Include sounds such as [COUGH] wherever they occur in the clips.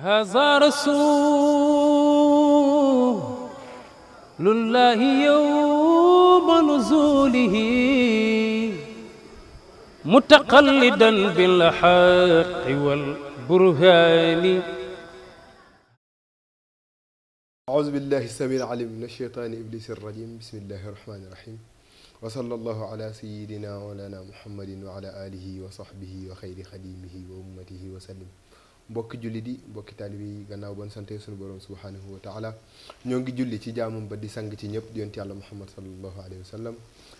هذا رسول الله يوم نزوله متقلدا بالحق والبرهان أعوذ بالله السميع العليم من الشيطان إبليس الرجيم بسم الله الرحمن الرحيم وصلى الله على سيدنا ولنا محمد وعلى آله وصحبه وخير خديمه وأمته وسلم mbokki julli di mbokki taalibe yi gannaaw ban sante suñu borom subhaanahu wa taala ñoo ngi julli ci jaamam ba di sang ci ñëpp di yonent yàlla muhammad sallallahu alayhi wa sallam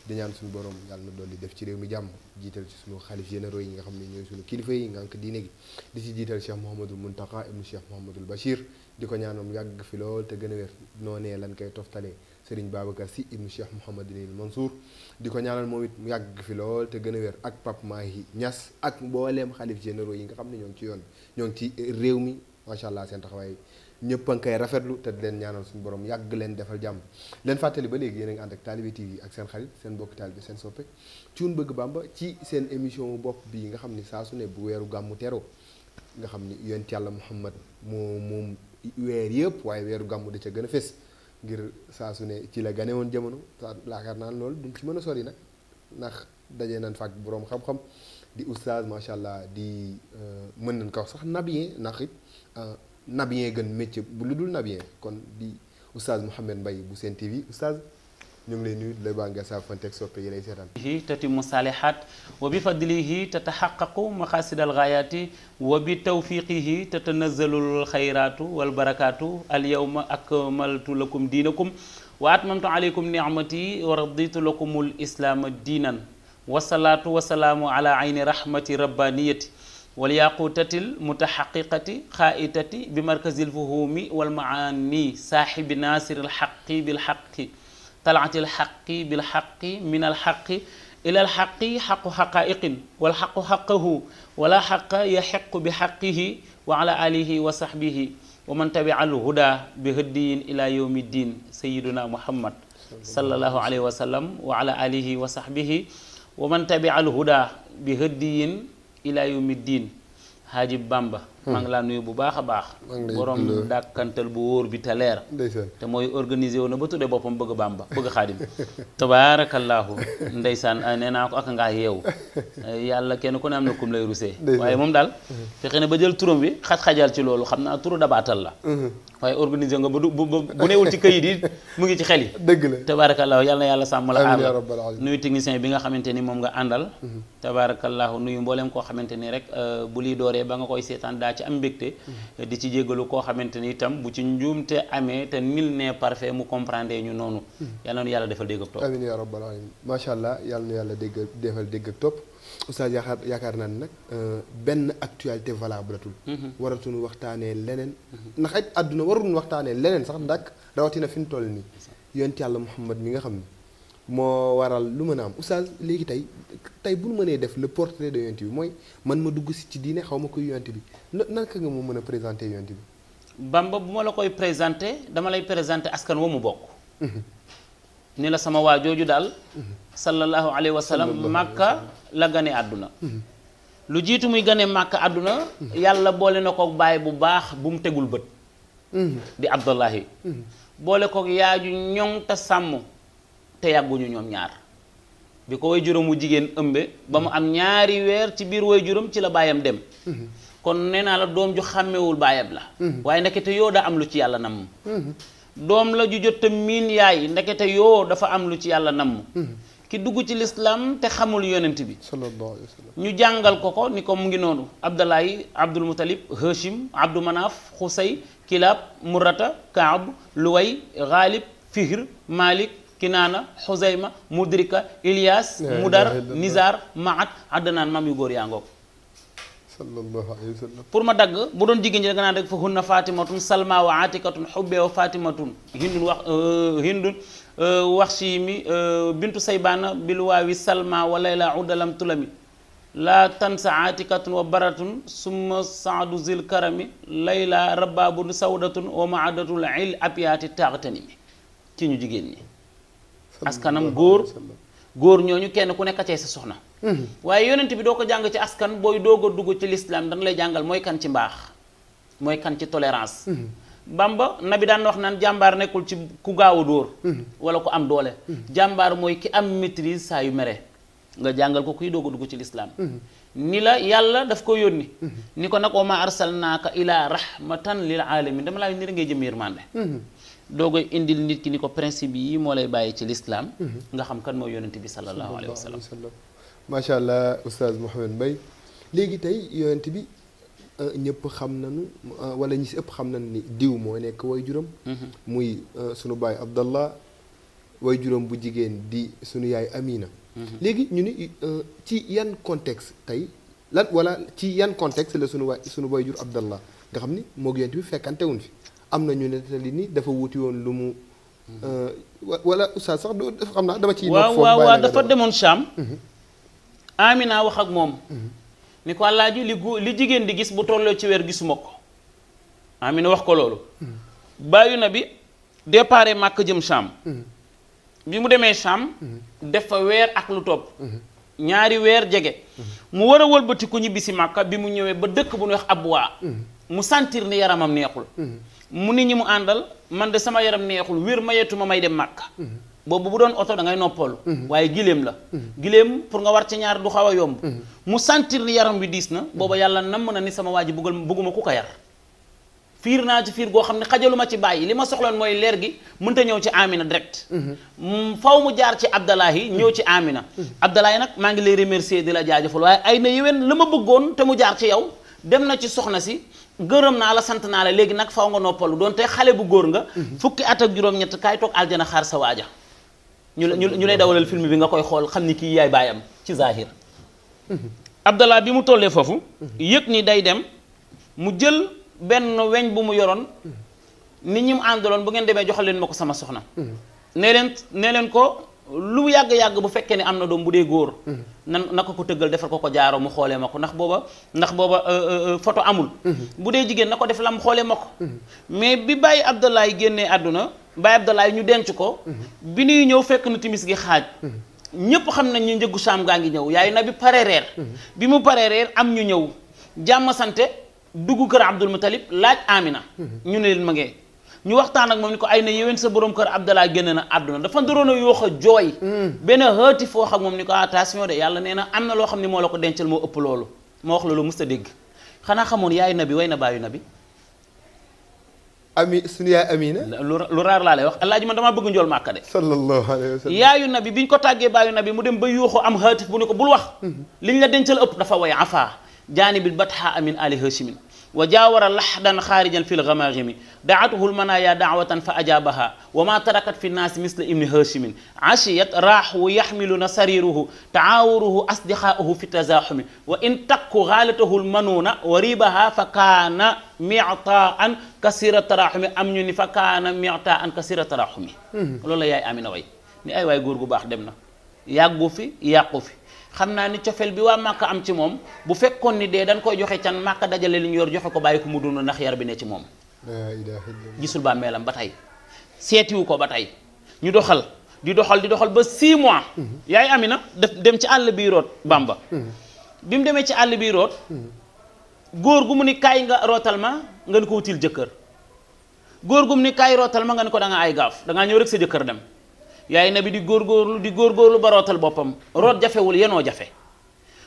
di ñaan suñu borom yàlla na dolli def ci réew mi jàmm jiital ci suñu xalif généraux yi nga xam ne ñooy suñu kilifa yi ngànk diine gi di ci jiital cheikh mohamadul muntaka ibnu cheikh mohamadul bachir di ko ñaanam yàgg fi lool te gën a wér noonee lan koy toftalee Serigne Babacar Sy ibnu Cheikh Mouhamadinil Mansour di ko ñaanal moom it mu yàgg fi lool te gën a wér ak Pape Mahi Niass ak mbooleem xalif généraux yi nga xam ne ñoom ci yoon ñoo ngi ci réew mi macha allah seen taxawaay ñëpp a ngi koy rafetlu te di leen ñaanal suñu borom yàgg leen defal jàmm leen fàttali ba léegi yéen a ngi ànd ak Talibé TV ak seen xarit seen bokki Talibé seen soppe cuun bëgg Bàmba ci seen émission bopp bii nga xam ni saa su ne bu weeru gàmmu teroo nga xam ni yonent yàlla Muhammad moo moom weer yëpp waaye weeru gàmmu da ca gën a fés ngir saa su ne ci la gane woon jamono saa laakaar naan loolu duñ ci mën a sori nag ndax daje nañ fàkk boroom xam-xam di oustaz macha allah di euh, mën nañ ko wax sax nabien ndax it euh, nabien gën métier bu lu dul nabien kon di oustaz Mouhamed mbay bu Sen TV oustaz ñu ngi lay nuyu di la baa nga saafanteeg soppe yi lay seetaan tatimu saalihaat wa bi fadlihi tataxaqaqu maqasid alxaayaati wa bi tawfiqihi tatanazzalul xayraatu wal barakaatu alyawma akmaltu lakum diinakum wa atmamtu alaykum nicmati wa raditu lakumul islaama diinan wasalaatu wasalaamu ala ayni rahmati rabbaniyati والياقوتة المتحققة خائتة بمركز الفهوم والمعاني صاحب ناصر الحق بالحق طلعت الحق بالحق من الحق إلى الحق حق حقائق والحق حقه ولا حق يحق بحقه وعلى آله وصحبه ومن تبع الهدى بهدي إلى يوم الدين سيدنا محمد صلى الله عليه وسلم وعلى آله وصحبه ومن تبع الهدى بهدي إلى يوم الدين هاجب بامبا Hmm. maa ngi laa nuyu bu baax a baax borom dàkkantal bu wóor bi te leer te mooy organisé wu na ba tuddee boppam bëgg Bàmba bëgg xaadim [LAUGHS] tabaarakallaahu ndeysaan nee naa ko ak ngaa yeewu [LAUGHS] yàlla kenn ku ne am na kum lay rusee waaye moom daal hmm. fexe na ba jël turam bi xaj-xajal ci loolu xam naa turu dabaatal la hmm. waaye organiser nga ba du bu newul ci këyit yi mu ngi ci xel yi. [LAUGHS] dëgg la tabaarakallaahu yal na yàlla sàmm la aar nuyu technicien bi nga xamante ni moom nga àndal. Mhm. tabaarakallaahu nuyu mbooleem koo xamante ni rek euh, bu liy dooree ba nga koy seetaan daa ci am mbégte. Mhm. di ci jégalu koo xamante ni itam bu ci njuum te amee te nil ne parfait mu comprendre ñu noonu. Mhm. yal yàlla defal dégg ak topp. amiin yaa rabbal aalamiin yàlla dégg defal dégg ak topp. oustaz yaakaar yaakaar naa nag benn actualité valable atul. waratuñu waxtaanee leneen. ndax it àdduna waruñu waxtaanee leneen sax ndax rawatina fi mu toll nii. yonent yàlla Muhammad mi nga xam ne moo waral lu mën a am oustaz léegi tey tey bu ñu mënee def le portrait de yonent bi mooy man ma dugg si ci diine xaw ma koy yonent bi na naka nga ma mën a présenter yonent bi. Bamba bu ma la koy présenter dama lay présenter askan wa mu bokk. ni la sama waa jooju daal. sallallahu alayhi wa sallam màkka la gane àdduna lu jiitu muy gane màkka àdduna yàlla boole na kook baay bu baax bu mu tegul bët di abdullahi boole kook yaaju ñoŋ te sàmm te yàgguñu ñoom ñaar bi ko way juróom wu jigéen ëmbe ba mu am ñaari weer ci biir way juróom ci la baayam dem kon nee naa la doom ju xàmmewul baayam la waaye ndekete yoo daa am lu ci yàlla namm doom la ju jot a yaay ndekete yoo dafa am lu ci yàlla namm ki dugg ci lislaam te xamul yonent bi ñu jàngal ko ko ni ko mu ngi noonu abdalaay abdul mutalib hashim abdu manaaf xusay kilaab murata kaab luway xaalib fihr malik kinaana xusayma mudrika ilias mudar nizar maat addanaan maam yu góor yaa ngoog sallallahu alayhi wa sallam pour ma dag bu doon jigéen ñi da nga naan rek fa hunna fatimatun salma wa atikatun hubbi wa fatimatun hindun wax hindun wax si mi bintu saybana bil wawi salma wa layla udalam tulami la tansa atikatun wa baratun summa sa'du zil karami layla rababun sawdatun wa maadatul il apiyaati taaxtani ci ñu jigéen ni askanam goor góor ñu kenn ku nekk cay sa soxna mhm. waaye yonent bi doo ko jàng ci askan booy doog a dugg ci lislaam dana lay jàngal mooy kan ci mbaax mooy kan ci tolérance mhm. Bamba nabi daan wax naan jàmbaar nekkul ci ku gaaw a dóor mhm. wala ku am doole jàmbaar mooy ki am maîtrise saa yu mere nga jàngal ko kuy doog a dugg ci lislaam ni la yàlla daf ko yónni ni ko nag wa ma arsalnaaka ilaa rahmatan lil alamin dama laa yónni rek ngay jëm yërmande doo koy indil nit ki ni ko principe yi moo lay bàyyi ci lislaam mhm. nga xam kan mooy yonent bi sallallahu alayhi wa sallam macha allah oustaz Mouhamed Mbaye léegi tey yonent bi euh, ñëpp xam nañu euh, wala ñi si ëpp xam nañu ni diw moo nekk way juram mhm. muy euh, sunu baay Abdallah way juram bu jigéen di sunu yaay Amina mhm. léegi ñu ni ci yan contexte tey lan wala ci yan contexte la sunu waay sunu way jur Abdallah nga xam ni moo yonent bi fekkantewuñ wuñ fi am na ñu nettali nii dafa wuti woon lu mu. Euh, wala oustaz sax du xam naa dama ciy. waaw waaw waaw dafa demoon Cham. Mhm. Amina wax ak moom. Mhm. ni ko Alaaji li gu li jigéen di gis bu tolloo ci weer gisuma ko. Amina wax ko loolu. Mhm. bàyyi na bi déparé màkk jëm Cham. bi mu demee Cham. def fa weer ak lu topp. ñaari weer jege. mu war a wëlbati ku ñibbisi màkka bi mu ñëwee ba dëkk bu ñu ab waa mu sentir ni yaramam neexul. mu nit ñi mu àndal man de sama yaram neexul wér ma yetu ma may dem màkk boobu bu doon oto da ngay noppalu waaye giléem la giléem pour nga war ci ñaar du xaw a yomb mu santir ni yaram wi diis na booba yàlla namm na ni sama waa ji bëggal bëgguma ku ko yar fiir naa ci fiir goo xam ne xajaluma ci bàyyi li ma soxloon mooy leer gi mënta ñëw ci Amina direct mm, faw mu jaar ci Abdalahi ñëw ci Amina Abdalahi nag maa ngi lay remercier di la jaajëfal waaye ay na yéwén la ma bëggoon te mu jaar ci yow dem na ci soxna si gërëm naa la sant naa la léegi nag faw nga noppalu doonte xale bu góor nga mhm. fukki at ak juróom-ñett kaay toog aljana xaar sa waaja ñu ñu lay dawalal film bi nga koy xool xam ni kii yaay baayam ci zahir mhm. abdallah bi mu tollee foofu mhm. yëg ni day dem mu jël benn weñ bu mu yoroon nit ñi mu àndaloon bu ngeen demee joxal leen ma ko sama soxna nee leen ko lu yàgg-yàgg bu fekkee ne am na doom bu dee góor mm-hmm. nan na ko ko tëggal defal ko ko jaaro mu xoolee ma ko ndax booba ndax booba euh, euh, euh, photo amul mm-hmm. bu dee jigéen na ko def lam xoolee ma ko mm-hmm. mais bi bàyyi Abdoulaye génnee àdduna bàyyi Abdoulaye ñu denc ko bi ñuy ñëw fekk na timis gi xaaj ñépp xam nañ ñu njëggu saam gaa ngi ñëw yaayu na bi pare reer bi mu pare reer am ñu ñëw jàmm sante dugg kër Abdul Mutalib laaj Amina ñu ne leen ma ñu waxtaan ak mom ni ko ay na yéwén sa borom kër Abdallah génn aduna dafa ndorono yo yoox joy ben benn fo xam mom ni ko attention de yàlla neena amna lo xamni mo xam ne moo la ko dencal moo ëpp loolu moo wax lolu musta deg xana xamone yaay nabi wayna bayu nabi ami suñu yaay amina lu rar la lay wax alaaji man dama bëgg njool màkka de sallallahu alayhi wasallam sallam yaayu nabi biñ ko taggé bayu nabi mu dem ba yuuxu am xaatif bu ne ko bul wax liñ la dencël upp dafa way afa janibil batha amin ali hashimin وجاور لحدا خارجا في الغماغم دعته المنايا دعوة فأجابها وما تركت في الناس مثل ابن هاشم عشيت راح ويحمل نصريره تعاوره أصدقاؤه في التزاحم وإن تك غالته المنونة وريبها فكان معطاء كثير التراحم أمن فكان معطاء كثير التراحم لولا يا أمين وي ni ay way goor gu baax dem na yàggu fi yàqu xamna ni ciofel bi wa makka am ci mom bu fekkon ni de dan koy joxe can makka dajale li ñu yor joxe ko bayiko mu dund ndax bi ne ci mom gisul ba melam ba seti wu ko batay. ñu doxal di doxal di doxal ba 6 mois mhm. yaay amina dem ci all bi rot bamba mhm. bimu demé ci all bi rot mhm. góor gu mu ni kay nga rotal ma nga ni ko wutil jëkkër góor gu mu ni kay rotal ma nga ko da nga ay gaf da nga ñew rek sa dem yaay na bi di góorgóorlu di góorgóorlu ba rootal boppam root jafewul yenoo jafe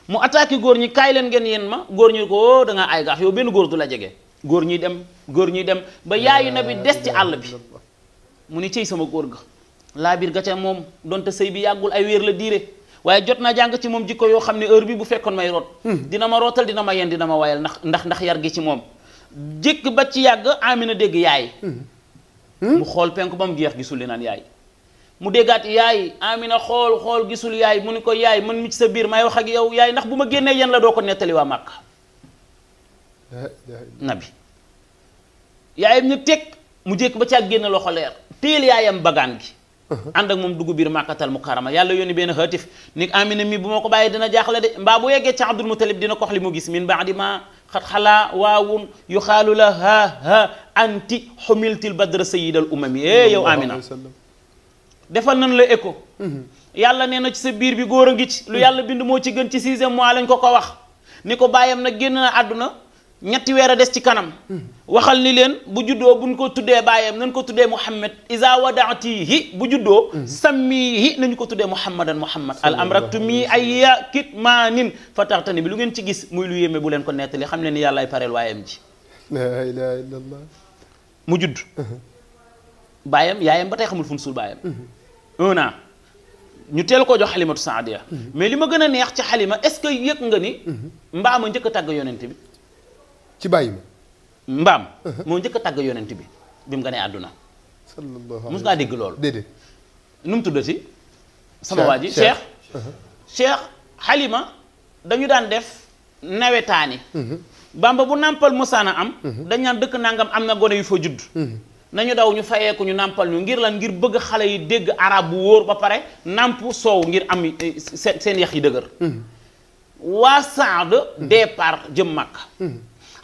mu attaqué góor ñi kaay leen ngeen yéen ma góor ñi ko oh, da ngaa ay gaax yow benn góor du la jege góor ñi dem góor ñi dem ba yaayu na bi des ci àll bi mu ni cëy sama góor ga laa biir ga moom donte sëy bi yàggul ay wéer la diire waaye jot naa jàng ci moom jikko yoo xam ne heure bi bu fekkoon may root dina hmm. dina ma yen dina ma wayal ndax ndax ndax yar gi ci moom jékk ba ci yàgg amina dégg yaay hmm. mu xool penku ba mu jeex gisul li naan yaay mu déggaat yaay Amina xool xool gisul yaay mu ni ko yaay man mi ci sa biir may wax ak yow yaay ndax bu ma yan la doo ko nettali waa Màkka nabi yaayam ñu teg mu jékk ba ci ak génn loxo leer téel yaayam bagaan gi ànd ak moom dugg biir màkkatal mukarama yàlla yónni benn xaatif ni amina mi bu ma ko bàyyee dina jaaxle de mbaa bu yeggee ci abdul mutalib dina ko wax mu gis min baadi ma xat xalaa waawun yu la ha ha anti humiltil badra sayidal umami ee yow amina defal nañ la écho. Mhm. yàlla nee na ci sa biir bi góor a ngi ci. lu yàlla bind moo ci gën ci sixième mois lañ ko ko wax. ni ko bàyyam nag génn na àdduna ñetti weer a des ci kanam. Mhm. waxal ni leen bu juddoo buñ ko tuddee bàyyam nañ ko tuddee Muhammad isa wadaatihi bu juddoo. Mhm. sammihi nañu ko tuddee Muhammadan Muhammad. al amraktu mi ay kitmaanin fa taxtani bi lu ngeen ci gis muy lu yéeme bu leen ko nettali xam leen ni yàlla ay pareel waayam ji. la ilaha judd. baayam yaayam ba tey xamul fu mu suul baayam un an ñu teel koo jox xalimatu saadiya mais li ma gën a neex ci xalima est-ce que yëg nga ni mbaam ma njëkk a tàgg yonent ci bàyyi mbaam uh-huh. moo njëkk a tàgg yonent bi bi mu nga nee àdduna mus ngaa dégg loolu déedéet nu mu tuddati sama waa ji uh-huh. cheikh xalima dañu daan def nawetaani uh-huh. bamba bu nàmpal mosaana am dañ naan dëkk nangam am na gone yu fa judd nañu daw ñu ko ñu nampal ñu ngir lan ngir bëgg xalé yi dégg arab bu woor ba paré nampu soow ngir am eh, seen seen yax yi dëgër mm-hmm. wa sa'd mm-hmm. départ jëm makka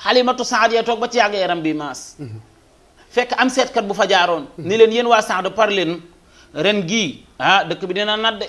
halimatu mm-hmm. sa'd ya tok ba ci yag yaram bi mas fekk am kat bu fa jaaroon ni leen yeen wa sa'd par ren gi ha ah, dëkk bi dina nadde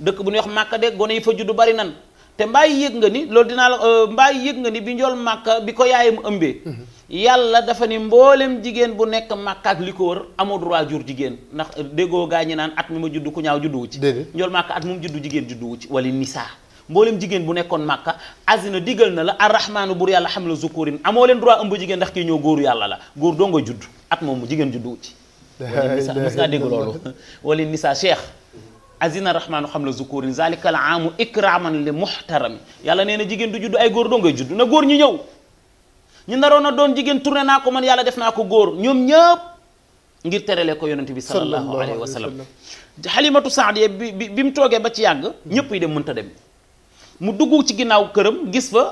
dëkk bu ñu wax makka de goné yi fa juddu bari nan te mbaa yéeg nga ni loolu dinaa la euh, mbaa yëg nga ni bi njool màkka bi ko yaayam ëmbee mm-hmm. yàlla dafa ne mboolem jigéen bu nekk màkka ak li ko wër amul droit jur jigéen ndax euh, déggoo gaa ñi naan at moom ma juddu ku ñaaw juddu wu ci njool màkka at mum juddu jigéen juddu wu ci wala nisaa mboolem jigéen bu nekkoon màkka azina digal na la arrahmaanu bur yàlla xam la zukurin amoo leen droit ëmb jigéen ndax kii ñëw góor yàlla la góor doo nga judd at moom jigéen juddu wu ci wala nisaa mos ngaa dégg [LAUGHS] azina rahmanu xam la zukurin al aamu ikraman li muhtaram yalla neena jigen du judd ay gor do ngay judd na gor ñi ñëw ñu naroon a doon jigen tourné na ko man yalla def na ko gor ñom ñepp ngir terele ko yonent bi sallallahu alayhi wa sallam xalimatu saadiya bi bi mu toogee ba ci yàgg ñepp yi dem mën ta dem mu dugg ci ginnaaw kërëm gis fa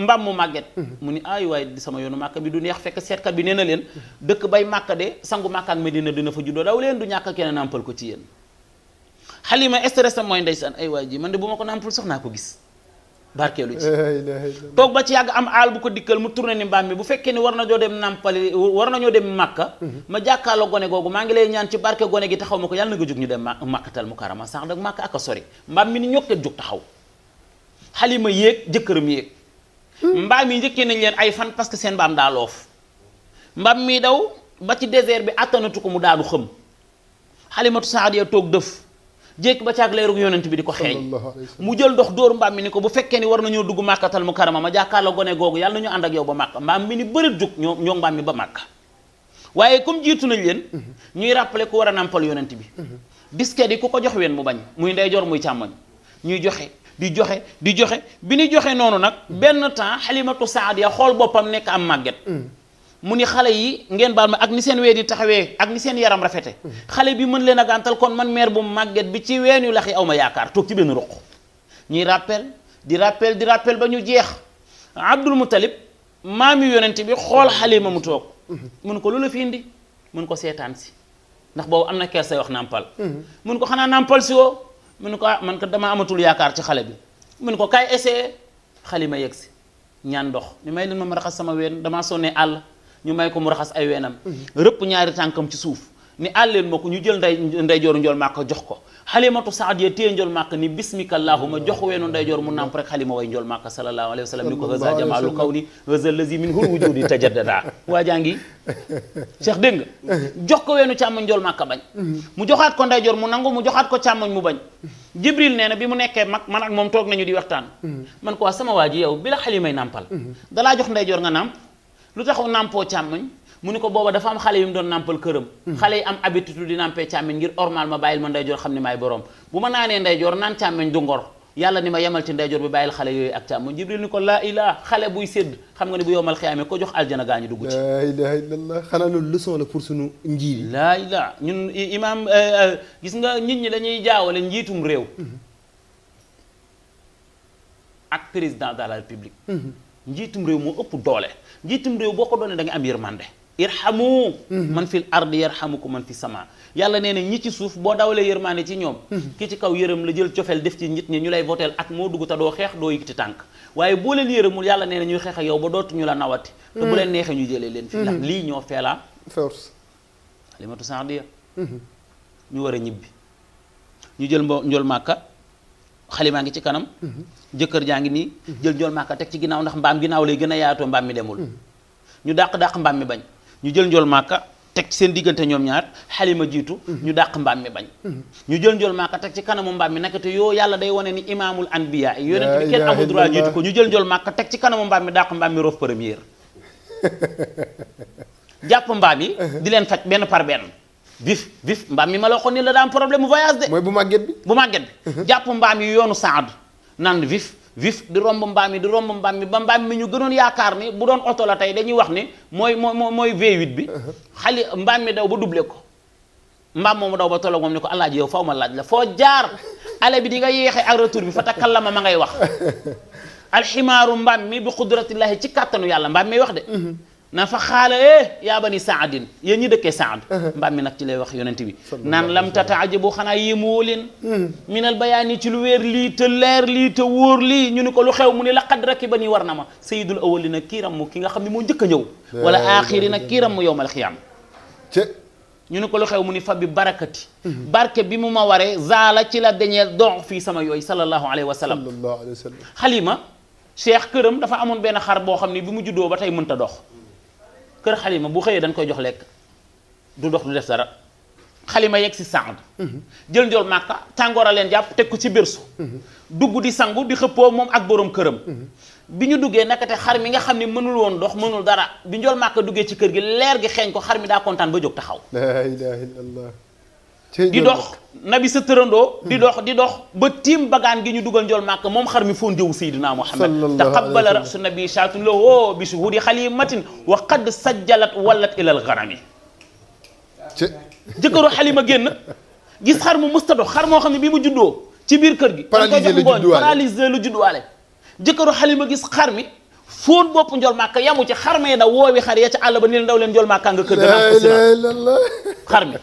mbam mu maget mhm. mu ni ay way di sama yonu makka bi du neex fekk ka bi neena len dekk bay makka de sangu makka ak medina dina fa juddo daw len du ñaka kenen nàmpal ko ci yeen halima stress am mooy ndeysaan ay waay ji man de bu ko nàmpal soxna ko gis lu ci tok ba ci yag am al bu ko dikkel mu tourner ni mbam mi bu fekke ni warna na dem nàmpali warna ñu dem makka mhm. ma jakkalo gone gogu ma ngi lay ñaan ci barke gone gi taxaw mako yalla nga juk ñu dem makka tal mukarama sax dag makka ak sori mbam mi ni ñokke juk taxaw halima yek jëkkëram yek mbaam yi njëkkee nañ leen ay fan parce que seen mbaam daa loof mbaam mi daw ba ci désert bi attanatu ko mu daanu xëm xalimatu saadiya toog dëf jekki ba caag leerug yonent bi di ko xeeñ mu jël ndox dóor mbaam mi ni ko bu fekkee ni war nañoo dugg màkkatal mu karama ma jàkkaarloo gone googu yàlla ñu ànd ak yow ba màkk mbaam mi ni bërit jug ñoo ñoo mbaam mi ba màkk waaye comme jiitu nañ leen ñuy rappelé ku war a nàmpal yonent bi mm-hmm. bisket yi ku ko jox ween mu bañ muy ndeyjoor muy càmmoñ ñuy joxe di joxe di joxe bi ni joxe nonu nak ben temps saad ya xol bopam nek am màgget muni xale yi ngeen balma ak ni sen wee taxawé ak ni sen yaram rafete xale bi mën leena gàntal kon man mère bu màgget bi ci wéñu laxi awma yaakar tok ci ben ruq ñi rappel di rappel di rappel ba ñu jeex abdul mutalib mami yonent bi xol halima mu tok mun ko lula fi indi mun ko seetaan ci ndax bo amna kersay wax nàmpal mun ko xana nàmpal ci wo mu ne ko ah man ko dama amatul yaakaar ci xale bi mu ne ko kay essayé xale ma yegg si ñaan ndox ñu may leen ma ma raxas sama ween damaa sonnee àll ñu may ko mu raxas ay weenam mhm. rëpp ñaari tànkam ci suuf ni àlleen ma ko ñu jël nday ndeyjooru njool maa ko jox ko xalimatu saad ya téye njol màkk ni bismika allahuma jox weenu ndeyjoor mu namp rek xalima way njol màkk sallallahu alayhi wa sallam ni ko haza [LAUGHS] waa jaa ngi cheikh dégg nga jox ko weenu càmmoñ njol màkk bañ mu joxaat ko ndeyjoor mu nangu mu joxaat ko càmmoñ mu bañ jibril nee na bi mu nekkee mag man ak moom toog nañu di waxtaan man ko waa sama waa ji yow bi la xalimay nàmpal mm-hmm. dalaa jox ndeyjoor nga nàmp lu taxaw nàmpoo càmmoñ mu ni ko booba dafa am xale yu mu doon nàmpal këram xale yi am habitude di nàmpee càmmeñ ngir ormal ma bàyyil ma ndeyjoor xam ne maay borom bu ma naanee ndeyjoor naan càmmeñ du ngor yàlla ni ma yemal ci ndeyjoor bi bàyyil xale yooyu ak càmmoñ jibril ni ko laa ilaa xale buy sédd xam nga ne bu yowmal xiyaame ko jox aljana gaa ñu dugg ci laa ilaha illallah xanaa pour sunu njiit yi laa ilaa ñun imaam eh, eh, gis nga nit ñi dañuy jaawale njiitum réew ak président de la république mm-hmm. njiitum réew moo ëpp doole njiitum réew boo ko doonee da nga am yërmande irhamu mhm. man fil ardi yarhamukum man fis sama yalla neena ñi ci suuf bo dawale yermane ci ñom mhm. ki ci kaw yërëm la jël ciofel def ci nit ñi ñu lay voteel at mo dugg ta do xex do yëkkati tank waye bo leen yërëmul yalla neena ñuy ak yow ba dootu ñu nawati te bu mhm. leen nexe ñu jëlé leen fi ndax li ño fela force alimatu saadiya ñu wara ñibbi ñu jël mbo njol màkka xalimaa ci kanam jëkkër jaa ni jël ñol makka tek ci ginaaw ndax mbam ginaaw lay gëna yaato mbam mi demul ñu mbam mi bañ ñu jël njool màkka teg ci seen diggante ñoom ñaar xalima jiitu mhm. ñu dàq mbaam mi bañ mhm. ñu jël njool màkka teg ci kanamu mbaam mi nakate yoo yàlla day wone ni imaamul anbiya yi yonent bi kenn amul droit jiitu ko ñu jël njool màkka teg ci kanamu mbaam mi dàq mbaam mi roof première [LAUGHS] jàpp mbaam yi mhm. di leen faj benn par benn vif vif mbaam mi ma la waxoon ni la daam problème voyage de mooy bu màgget bi bu màgget bi jàpp mbaam yi yoonu saad naan vif vif di romb mbaam mi di romb mbaam mi ba mbaam mi ñu gënoon yaakaar ni bu doon oto la tey dañuy wax ni mooy mooy mooy V8 bi uh-huh. xali mbaam mi daw ba doublé ko mbaam moom daw ba tolloog moom ni ko alaaji yow faw ma laaj la foo jaar [LAUGHS] ale bi di nga yeexee ak retour bi fa takallama ma ngay wax [LAUGHS] alximaaru mbaam mi bi qudratillahi ci kàttanu yàlla mbaam mi wax de uh-huh. نفخال إيه يا بني سعدين يني سعد بام منك تلي وخ يننتي نان لم تتعجبوا خنا يمولين من البياني تلوير لي تلير لي تور لي ني نكو لو خيو مني لا قد بني ورنما سيد الاولين كيرم مو كيغا خامي مو ولا اخرين كيرم يوم الخيام ني نكو لو خيو مني فبي بركه بي موما واري زالا تي لا دنيير دون في سما يوي صلى الله عليه وسلم صلى شيخ كرم دا فا بين بن خار بو خامي بي kër xalima bu xëyee dañ koy jox lekk du dox du def dara xalima yegg si sànd mhm. jël njool màkka tàngoor leen jàpp teg ko ci birsu mhm. dugg di sangu di xëppoo moom ak boroom këram mhm. bi ñu duggee nakate xar mi nga xam ne mënul woon dox mënul dara bi njool màkka duggee ci kër gi leer gi xeeñ ko xar mi daa kontaan ba jóg taxaw di dox nabi sa tërandoo di dox di dox ba tim bagan gi ñu duggal ndol mak mom xarmi mi foo sayyidina muhammad taqabbala rasu nabi shaatun lo wo bi shuhudi khalimatin wa qad sajjalat wallat ilal ghanami jëkkëru xalima génn gis xar mu mustado xar mo xamni bi mu juddo ci bir keur gi paralyser lu walé jëkkëru khalima gis xar mi fóon bopp njool màkka yamu ci xar mee da woowi xar ya ca àll ba ni leen daw leen njool màkka nga kër ga xar mi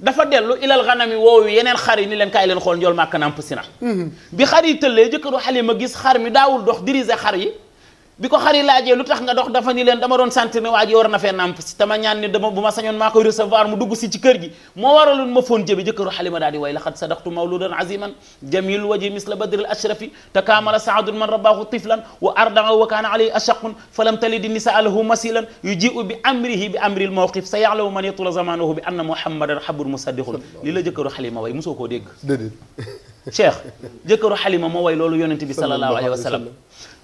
dafa delu ilal xanami woowu yeneen xar yi ni len kay len xol ndol makanam pusina bi xari tele tëllee Halima gis xarmi dawul dox diriser xari biko xari laaje lutax nga dox dafa ni len dama don sentir ne waa ji war nàmp ci tama ñaan ni dama buma sañon mako recevoir mu dugg ci ci kër gi mo waralun ma fon jebe jeukeru halima dadi way la khat sadaqtu mawludan aziman jamil waji misla badr al ashrafi takamala sa'ad man rabbahu tiflan wa arda wa kana alayhi ashaqun falam talid nisaa lahu masilan yujiu bi amrihi bi amri al mawqif sa man yatul zamanuhu bi anna muhammadan habur musaddiqun li la jëkkëru xalima way musoko deg dedet cheikh jeukeru halima mo way lolu yonnati bi sallallahu alayhi wa sallam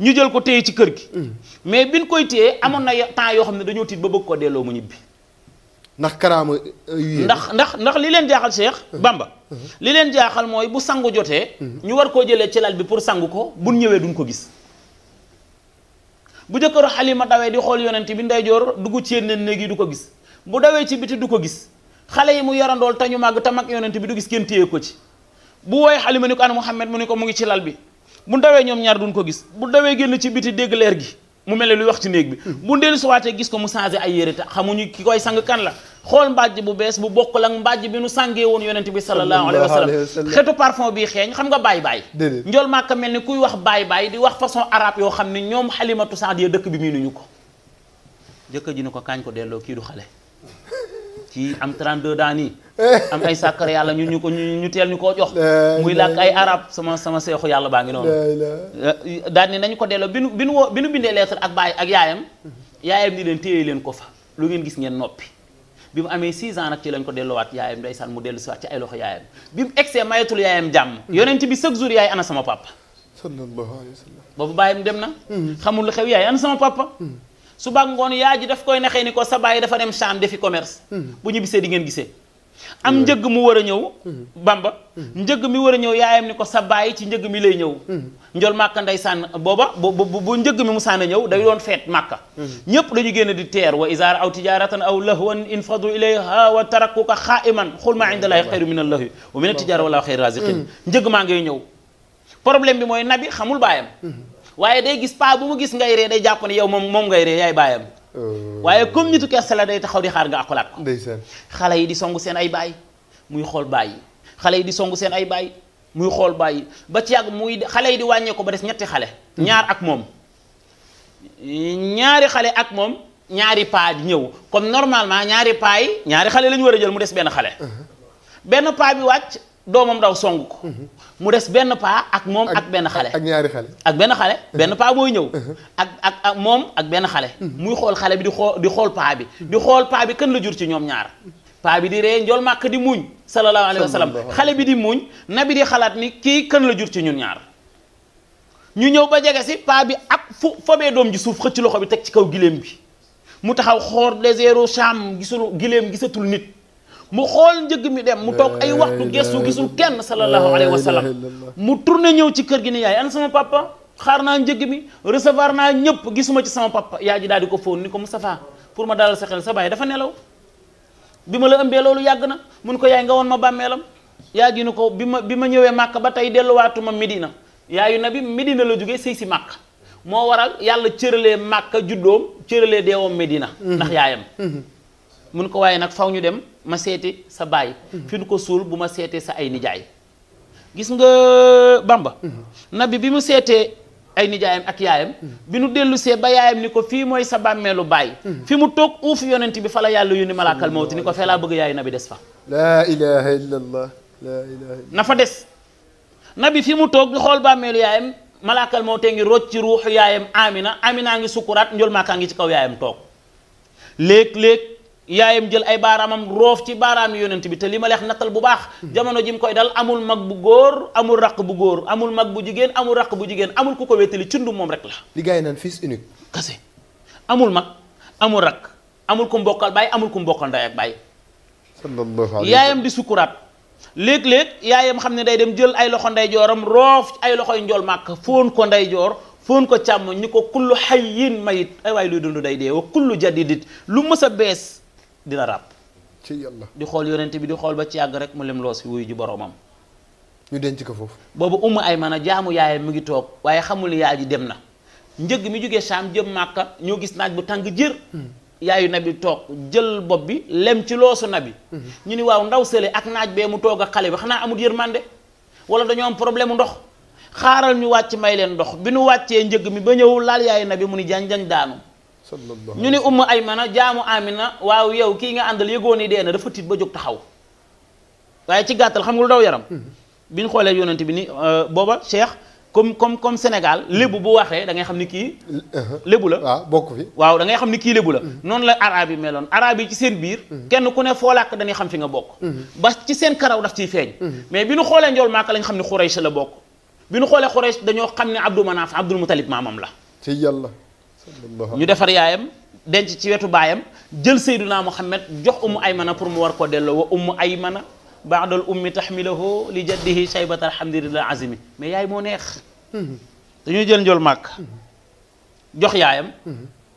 ñu jël ko téye ci kër gi. Mm. mais bi nu koy téye amoon na temps yoo xam ne dañoo tiit ba bëgg ko delloo mu ñibbi. ndax karaama euh, ndax ndax ndax li leen jaaxal Cheikh mm. Bamba. Mm. li leen jaaxal mooy bu sangu jotee. ñu war koo jëlee ci lal bi pour sangu ko buñ ñëwee duñ ko gis. bu jëkkëru Halima dawee di xool yonent bi ndeyjoor dugg ci yenn néeg yi du ko gis bu dawee ci biti du ko gis xale yi mu yarandool te ñu màgg te mag yonent bi du gis kenn téye ko ci bu woowee Halima ni ko ana Muhammad mu ni mu ngi ci lal bi. bu dawee ñoom ñaar duñ ko gis bu dawee génn ci biti dégg leer gi mu mel ne luy wax ci néeg bi bu ndeelu suwaatee gis ko mu changé ay yére te xamuñu ki koy sang kan la xool mbàjj bu bees bu bokk ak mbàjj bi nu sàngee woon yonent bi sallallahu alayhi wa sallam xetu parfum bi xeeñ xam nga baay baay njool màkka mel ni kuy wax baay baay di wax façon arabe yoo xam ne ñoom xalimatu saadiya dëkk bi miinuñu ko jëkkër ji ni ko kaañ ko delloo kii du xale kii am 32 daan Eh. am ay sàkkar yàlla ñu ñu ko ñu teel ñu koo jox muy làkk ay arab sama seexu yàlla baa ngi noonu eh, daal ni nañu ko delloo bi nu bi nu woo bi nu bindee lettre ak baay ak yaayam yaayam ni leen téye leen ko fa lu ngeen gis ngeen noppi bi mu amee 6 ans ak ci lañ ko delloowaat yaayam ndeysaan mu dellu siwaat ci ay loxo yaayam bi mu egsee mayetul yaayam jàmm mm-hmm. yonent bi chaque jour yaay ana sama papa sallallahu alayhi wa mu dem na mm-hmm. xamul lu xew yaay ana sama papa mm-hmm. su bàgg ngoon yaa ji daf koy naxee ni ko sa bàyyi dafa dem chambre defi commerce bu ñu bisee di am njëg mu war a ñëw hmm. bamba hmm. njëg mi war a ñëw yaayam ni ko sa bàyyi ci njëg mi lay ñëw hmm. njol makk nday sànn booba bu njëg mi mu sànn ñëw day doon feet màkka ñépp dañu génn di teer wa isaar aw tijaratan aw lahwan infadu ilayha wa tarakuka xaaiman xul ma indalahi xayru min allahi wa min atijara wala xayru raziqin njëg maa ngay ñëw problème bi mooy nabi xamul baayam waaye day gis paa bu mu gis ngay ree day jàpp ne yow moom moom ngay ree yaay baayam Euh, waaye comme nitu kersa la day taxaw di xaar nga akulaat ko. ndeysaan xale yi di songu seen ay baay muy xool baay xale yi di songu seen ay baay muy xool baay ba ci yàgg muy xale yi di wàññee ba des ñetti xale. Mm-hmm. ñaar ak moom ñaari xale ak moom ñaari paa di ñëw comme normalement ñaari paa yi ñaari xale lañu war a jël mu des benn xale. Uh-huh. benn paa bi wàcc. doomam daw song ko. mu des benn paa ak moom ak benn xale. ak ñaari xale. ak benn xale benn paa mooy ñëw. Uh-huh. ak ak moom ak benn xale. muy xool xale bi di xool di xool paa bi. di xool paa bi kën la jur ci ñoom ñaar. paa bi di ree njool màkk di muñ. sallallahu alayhi wa sallam xale bi di muñ. na bi xalaat ni kii kan la jur ci ñun ñaar. ñu ñëw ba jege si paa bi ak fu fobee doom ji suuf xëcc loxo bi teg ci kaw gileem bi mu taxaw xoor désertu Sham gisul gileem gisatul nit. mu xool njëg mi dem mu toog ay waxtu gestu gisul kenn sallallahu alayhi wa sallam mu tourné ñëw ci kër gi ne yaay ana sama papa xaar naa njëg mi recevoir naa ñëpp gisuma ci sama papa yaa ji daal di ko ni ko Moustapha pour ma dalal sa xel sa dafa nelaw bi ma la ëmbee loolu yàgg na mun ko yaay nga woon ma bàmmeelam yaa ji ni ko bi ma bi ma ñëwee màkk ba tey delluwaatuma Medina yaayu na bi Medina la jóge sëy si màkk moo waral yàlla cëralee màkk juddoom cëralee deewoom Medina mm-hmm. ndax yaayam mm-hmm. mun ko waaye nag faw ñu dem ma seeti sa baay mhm. fi nu ko suul bu ma seetee sa ay nijaay gis nga Bamba mhm. nabi bi mu seetee ay nijaayam ak yaayam mhm. bi nu dellu see ba yaayam ni ko fii mooy sa bàmmeelu baay fi mu toog uuf yonent bi fa la yàlla yu ni malaakal mawti ni ko fee laa bëgg yaayu nabi des fa laa ilaha illallah na fa des nabi fi mu toog ñu xool bàmmeelu yaayam malaakal mawtee ngi rocc ci ruuxu yaayam amina amina ngi sukkuraat njol maakaa ngi ci kaw yaayam toog yaayam jël ay baaraamam roof ci baaraam yonent bi te li ma leex nattal bu baax jamono ji mu koy dal amul mag bu góor amul raq bu góor amul mag bu jigéen amul raq bu jigéen amul ku ko wéttali cundum moom rek la li gars yi naan fils unique kase amul mag amul raq amul ku mbokkal baay amul ku mbokkal ndey ak baay yaayam di sukuraat léeg-léeg yaayam xam ne day dem jël ay loxo ndeyjooram roof ay loxoy njool màkk fóon ko ndeyjoor fóon ko càmm ñu ko kullu hayyin mayit ay waaye luy day dee wa lu mës a bees dina ràpp ci yàlla di xool yonent bi di xool ba ci yàgg rek mu lem loos wuy wuyu ji boroomam ñu denc ko foofu boobu ummu ay man a jaamu yaayam mu ngi toog waaye xamul ne yaay ji dem na njëg mi jógee Saam jëm Màkka ñoo gis naaj bu tàng jër hmm. yaayu bi toog jël bopp bi lem ci loosu bi hmm. ñu ni waaw ndaw sële ak naaj bee mu toog ak xale bi xanaa amut yërmande wala dañoo am problème ndox xaaral ñu wàcc may leen ndox bi nu wàccee njëg mi ba ñëwul laal yaayu nabi mu ni janjañ daanu ñu ni umma aymana jaamu amina waaw yow kii nga àndal yëgoon yi dee na dafa tiit ba jóg taxaw waaye ci gàttal xam nga lu daw yaram hmm. bi ñu xoolee yonent bi ni euh, booba cheikh comme comme comme Sénégal lébu bu waxee da ngay xam ni kii uh-huh. lébu la waaw bokk waaw da xam ni kii lébu la hmm. noonu la arab yi meloon arab yi ci seen biir hmm. kenn ku ne foo làkk dañuy xam fi nga bokk ba ci seen karaw daf ciy feeñ mais bi ñu xoolee njool maaka lañ xam ni Xuraysh la bokk bi ñu xoolee Xuraysh dañoo xam ne Abdou Manaf Abdul Mutalib maamam la ci yàlla ñu defar yaayam denc ci wetu baayam jël sayduna muhammad jox ummu aymana pour mu war koo delloo wa ummu aymana baadal ummi taxmilahu li jaddihi shaybat alhamdulillah azimi mais yaay moo neex dañuy jël njool màkk jox yaayam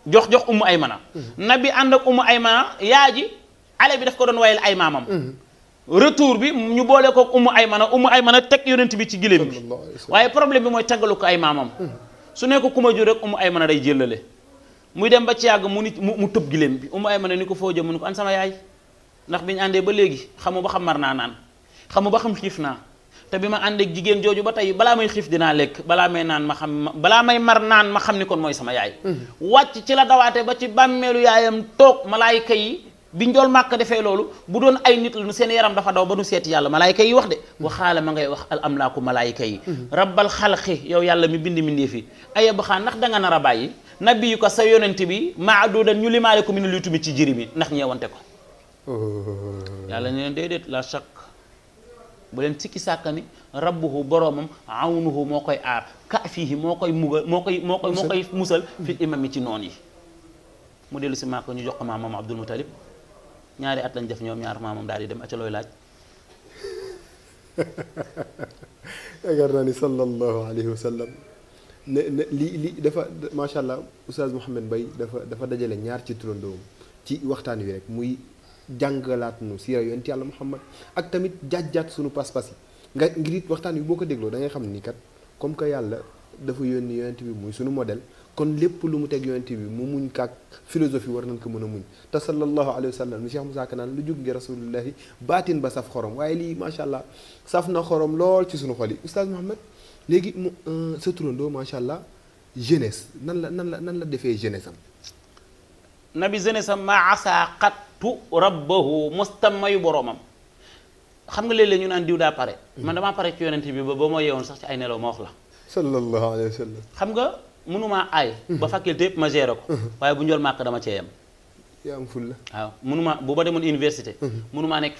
jox jox ummu aymana nabi ànd ak ummu aymana yaa ji ale bi daf ko doon wayal ay maamam retour bi ñu boole ko ummu aymana ummu aymana teg yonent bi ci giléem bi waaye problème bi mooy taggalu ko ay maamam su ne ko ku ma jur rek umu ay mën a day jëllale muy dem ba ci yàgg mu nit mu tëb giléem bi umu ay mën a ni ko foo jëm mu ni ko an sama yaay ndax bi àndee ba léegi xamu ba xam mar naa naan xamu ba xam xiif naa te bi ma ànd jigéen jooju ba tey balaa may xiif dinaa lekk balaa may naan ma xam balaa may mar naan ma xam ni kon mooy sama yaay mm-hmm. wàcc ci la dawaate ba ci bàmmeelu yaayam toog malaayka yi bi njool màkk defee loolu bu doon ay nit la nu seen yaram dafa daw ba nu seeti yàlla malaayika yi wax de waxaala ma ngay wax al amlaaku malaayika yi rabbal xalqi yow yàlla mi bind mi ndéefi ayab xaan ndax da nga nar a bàyyi nabi yu ko sa yonent bi maa doodan ñu limaale ko mi ne luy tumi ci jëri mi ndax ñeewante ko yàlla ne leen déedéet la chaq bu leen sikki sàkkani rabbuhu boroomam awnuhu moo koy aar kaafihi moo koy mugal moo koy moo koy moo koy musal fi imam yi ci noon yi mu dellu si maa ko ñu jox ko maam Abdul Mutalib ñaari at lañ def ñom ñaar mamam daal di dem aca loy laaj yaakaar naa sallallahu alayhi wasallam sallam ne ne lii lii dafa macha allah oustaz mohammed bay dafa dafa dajale ñaar ci turandoom ci waxtaan wi rek muy jangalat nu sira yent yàlla mohammed ak tamit jajjat sunu pass pass nga ngir it waxtaan wi boo ko da ngay xam ni kat comme que yàlla dafa yoni yent bi muy sunu modèle kon lépp lu mu teg yonent bi mu muñ kàkk philosophie war nañ ko mën a muñ te sallallahu alayhi wa sallam Cheikh Moussa Ka naan lu jóg ngi rasulillahi baatin ba saf xorom waaye lii macha allah saf na xorom lool ci suñu xol yi oustaz Mouhamed léegi mu sa turandoo macha allah jeunesse nan la nan la nan la defee jeunesse am nabi jeunesse am maa asa xattu rabbahu mostam boromam xam nga léeg-léeg ñu naan diw daa pare man dama pare ci yonent bi ba ba ma yeewoon sax ci ay nelaw ma wax la sallallahu alayhi wa sallam xam nga mënumaa ay ba mhm. faculté yëpp ma géré ko mhm. waaye bu njool màkk dama cee yem yaa am ful la waaw mënuma bu ma demoon université mënumaa mhm. nekk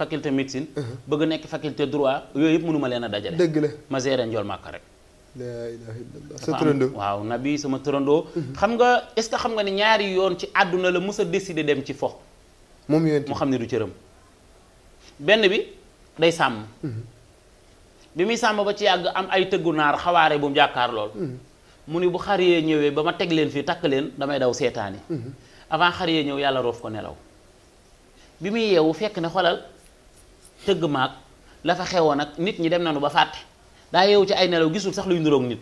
faculté médecine bëgg nekk faculté droit yooyu yëpp mënuma leen a dajale dëgg la ma géré njool màkk rek la ilaha sa turandoo waaw nabi sama tërandoo xam nga est-ce que xam nga ni ñaari yoon ci àdduna la mës a décidé dem ci fo moom yonent mu xam ne du cëram benn bi day sàmm bi muy sàmm ba ci yàgg am ay tëggu naar xawaare bu mu jàkkaar lool mu ni bu xar yee ñëwee ba ma teg leen fii takk leen damay daw seetaani mhm. avant xar yee ñëw yàlla roof ko nelaw bi muy yeewu fekk ne xolal tëgg maag la fa xewoon ak nit ñi dem nañu ba fàtte daa yeewu ci ay nelaw gisul sax luy nuroog nit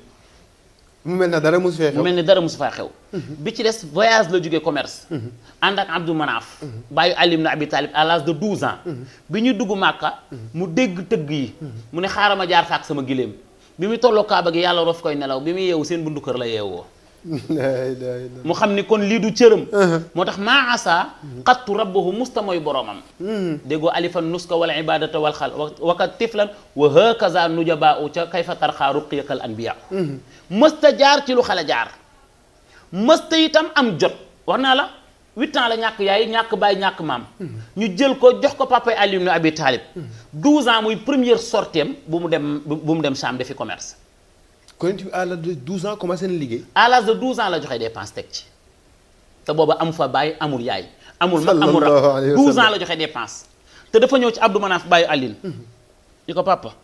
mu mel ne dara mosu fee mel ne dara mosu faa xew mhm. bi ci des voyage la jóge commerce mhm. ànd ak Abdou Manaf bàyyi Ali na Abi Talib à l'âge de 12 bi ñu dugg Màkka mu dégg tëgg yi mu ne xaaral ma jaar faak sama giléem bimi tolo tolloo kaaba gi yàlla rof koy nelaw bi muy seen bundu kër la yeewoo mu xam kon lii du cëram moo tax maa asa xattu rabbahu musta mooy boromam dego alifan nuska wal ibadata wal xal wakat tiflan wa hakaza nujaba u ca kayfa tarxaa ruqiyakal anbiya mësta jaar ci lu xale jaar mësta itam am jot wax la huit ans la ñàkk yaay ñàkk baay ñàkk maam ñu jël ko jox ko papay Ali ibn Abi Talib douze ans muy première sortiem bu mu dem bu mu dem Cham defi commerce kon à l'âge de douze ans commencé liggéey à l'âge de douze ans joxe dépense teg ci te booba amu fa baay amul yaay amul mag amul rab douze ans la joxe dépense te dafa ñëw ci Abdou Manaf baayu Aline ñu ko papa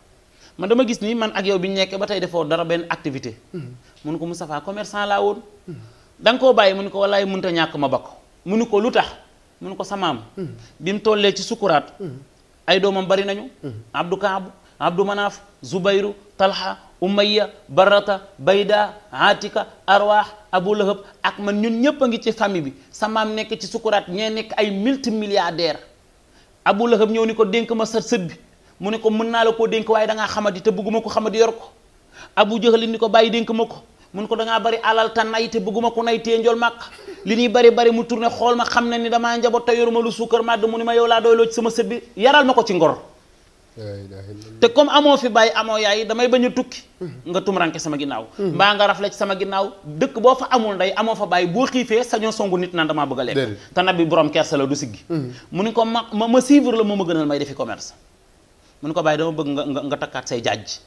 man dama gis ni man ak yow bi ñu nekkee ba tey defoo dara benn activité hmm. mun ko Moustapha commerçant laa woon da nga koo bàyyi mun ko wallaay mënta ñàkk ma bakko munu ko munuko samam, munu ko sukurat, hmm. bim tolle ci sukurat hmm. ay domam bari nañu hmm. abdu kab abdou manaaf zubairu talha umayya barata bayda atika Arwah, abu lahab ak man ñun ñepp ngi ci fami bi samam nek ci sukurat ñe nek ay milliardaire abu lahab ñew ni ko denk ma sët sët bi muné ko mën na la ko denk way da nga xamati te bëgguma ko yor ko abu jëxali ni ko baye denk mako ko da nga bari alal te nay te bëgguma ko nay li ñuy bari bari mu tourné xool ma xam na ni damaa njaboot te yoruma lu suukar màdd mu ni ma yow laa doyloo ci sama sët bi yaral ma ko ci ngor te comme amoo fi bàyyi amoo yaay damay bañ a tukki mm-hmm. nga tumuranke sama ginnaaw mm-hmm. mbaa nga rafle ci sama ginnaaw dëkk boo fa amul ndey amoo fa bàyyi boo xiifee sañoo songu nit naan damaa bëgg a lekk te nab bi borom kersa la du siggi mm-hmm. mu ni ko ma ma suivre la moom ma gënal may defi commerce mu ni ko bàyyi dama bëgg nga nga takkaat say jaaj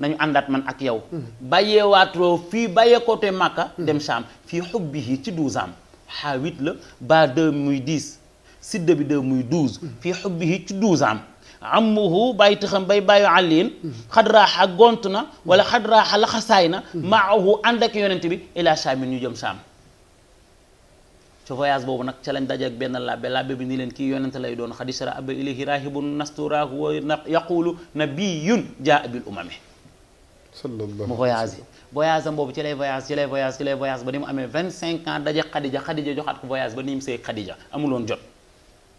nañu andat man ak yow baye watro fi baye côté Makka dem sham fi xubbihi ci 12 am xaa huit la ba deux muy dix sidda bi deux muy douze fii xubbihi ci 12 am amuhu bayt taxam bay bàyyu alin khadra ha gontuna wala khadra ha na maahu andak yonent bi ila sham ñu jëm sham ci voyage bobu nak ci lañ dajje ak benn labbe labbe bi ni len ki yonent lay doon xadisara abba ilahi rahibun nasturahu wa yaqulu nabiyyun jaa bil umame mu voyagé voyage am boobu ci lay voyage ci lay voyage ci lay voyage ba ni mu amee vingt cinq ans daje xadija xadija joxaat ko voyage ba ni mu see xadija amuloon jot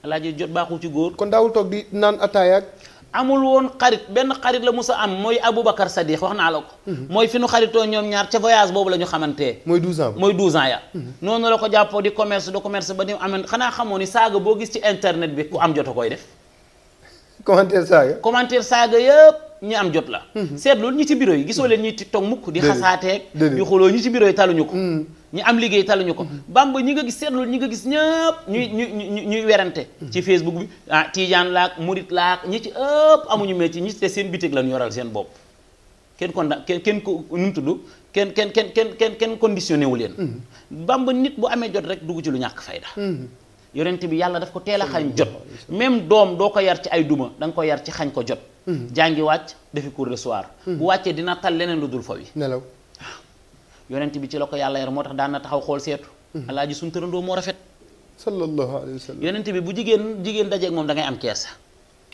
alaaji jot baaxul ci góor kon daawul toog di naan ataaya ak amul woon xarit benn xarit la musa am mooy Aboubacar Sadiq wax naa la ko mhm. mooy fi nu xaritoo ñoom ñaar ca voyage boobu la ñu xamantee mooy douze ans mooy douze ans ya mhm. noonu la ko jàppoo di commerce de commerce ba ni mu amee xanaa xamoo ni saaga boo gis ci internet koy def ñi am jot la seetlul ñi ci bureau yi gisoo leen ñuy tiktok mukk di xasaatee di xuloo ñi ci bureau yi taluñu ko hmm. ñi am liggéey taluñu ko hmm. bamba ñi nga gis seetlul ñi nga gis ñëpp ñuy ñuy ñuy werante hmm. ci facebook bi ah tiijaan laak murit laak ñi ci ëpp amuñu métier ñi te seen bitig lañu yoral seen bopp kenn kon kenn kenn ko nu tudd kenn kenn kenn kenn kenn conditionné wu leen bamba nit bu amee jot rek dugg ci lu ñàkk fayda yonent bi yàlla daf ko teel a xañ jot même doom doo ko yar ci ay duma danga ko yar ci xañ ko jot mhm. jàngi wàcc defi cours de soir mhm. bu wàccee dina tal leneen lu dul fa wi nelaw ah. yonent bi ci la ko yàlla yar moo tax daan na taxaw xool seetu mhm. alaaji suñ tërandoo moo rafet sallallahu alayhi wa sallam yonent bi bu jigéen jigéen dajeeg moom da ngay am kersa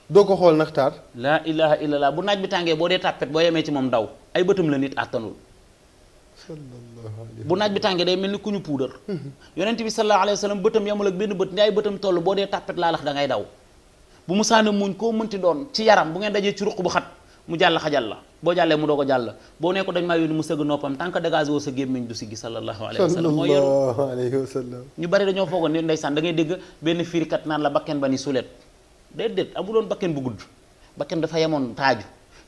doo ko xool nag taar laa ilaha illallah bu naaj bi tàngee boo dee tàppet boo yemee ci moom ndaw ay bëtam la nit àttanul bu naaj bi tàngee day mel ni ku ñu puudar yonent bi sallallahu alayhi wa sallam bëtam yamul ak benn bët ni ay bëtam toll boo dee tàppet laa lax da daw bu mu saana muñ koo mënti doon ci yaram bu ngeen dajee ci ruq bu xat mu jàll xajal la boo jàllee mu doog a jàll boo ne ko dañ maa yónni mu sëgg noppam tant que sa gémmiñ du si gi sallallahu alayhi ñu bari dañoo foogoon ni ndeysaan da dégg benn firikat naan la bakken ba ni sulet déedéet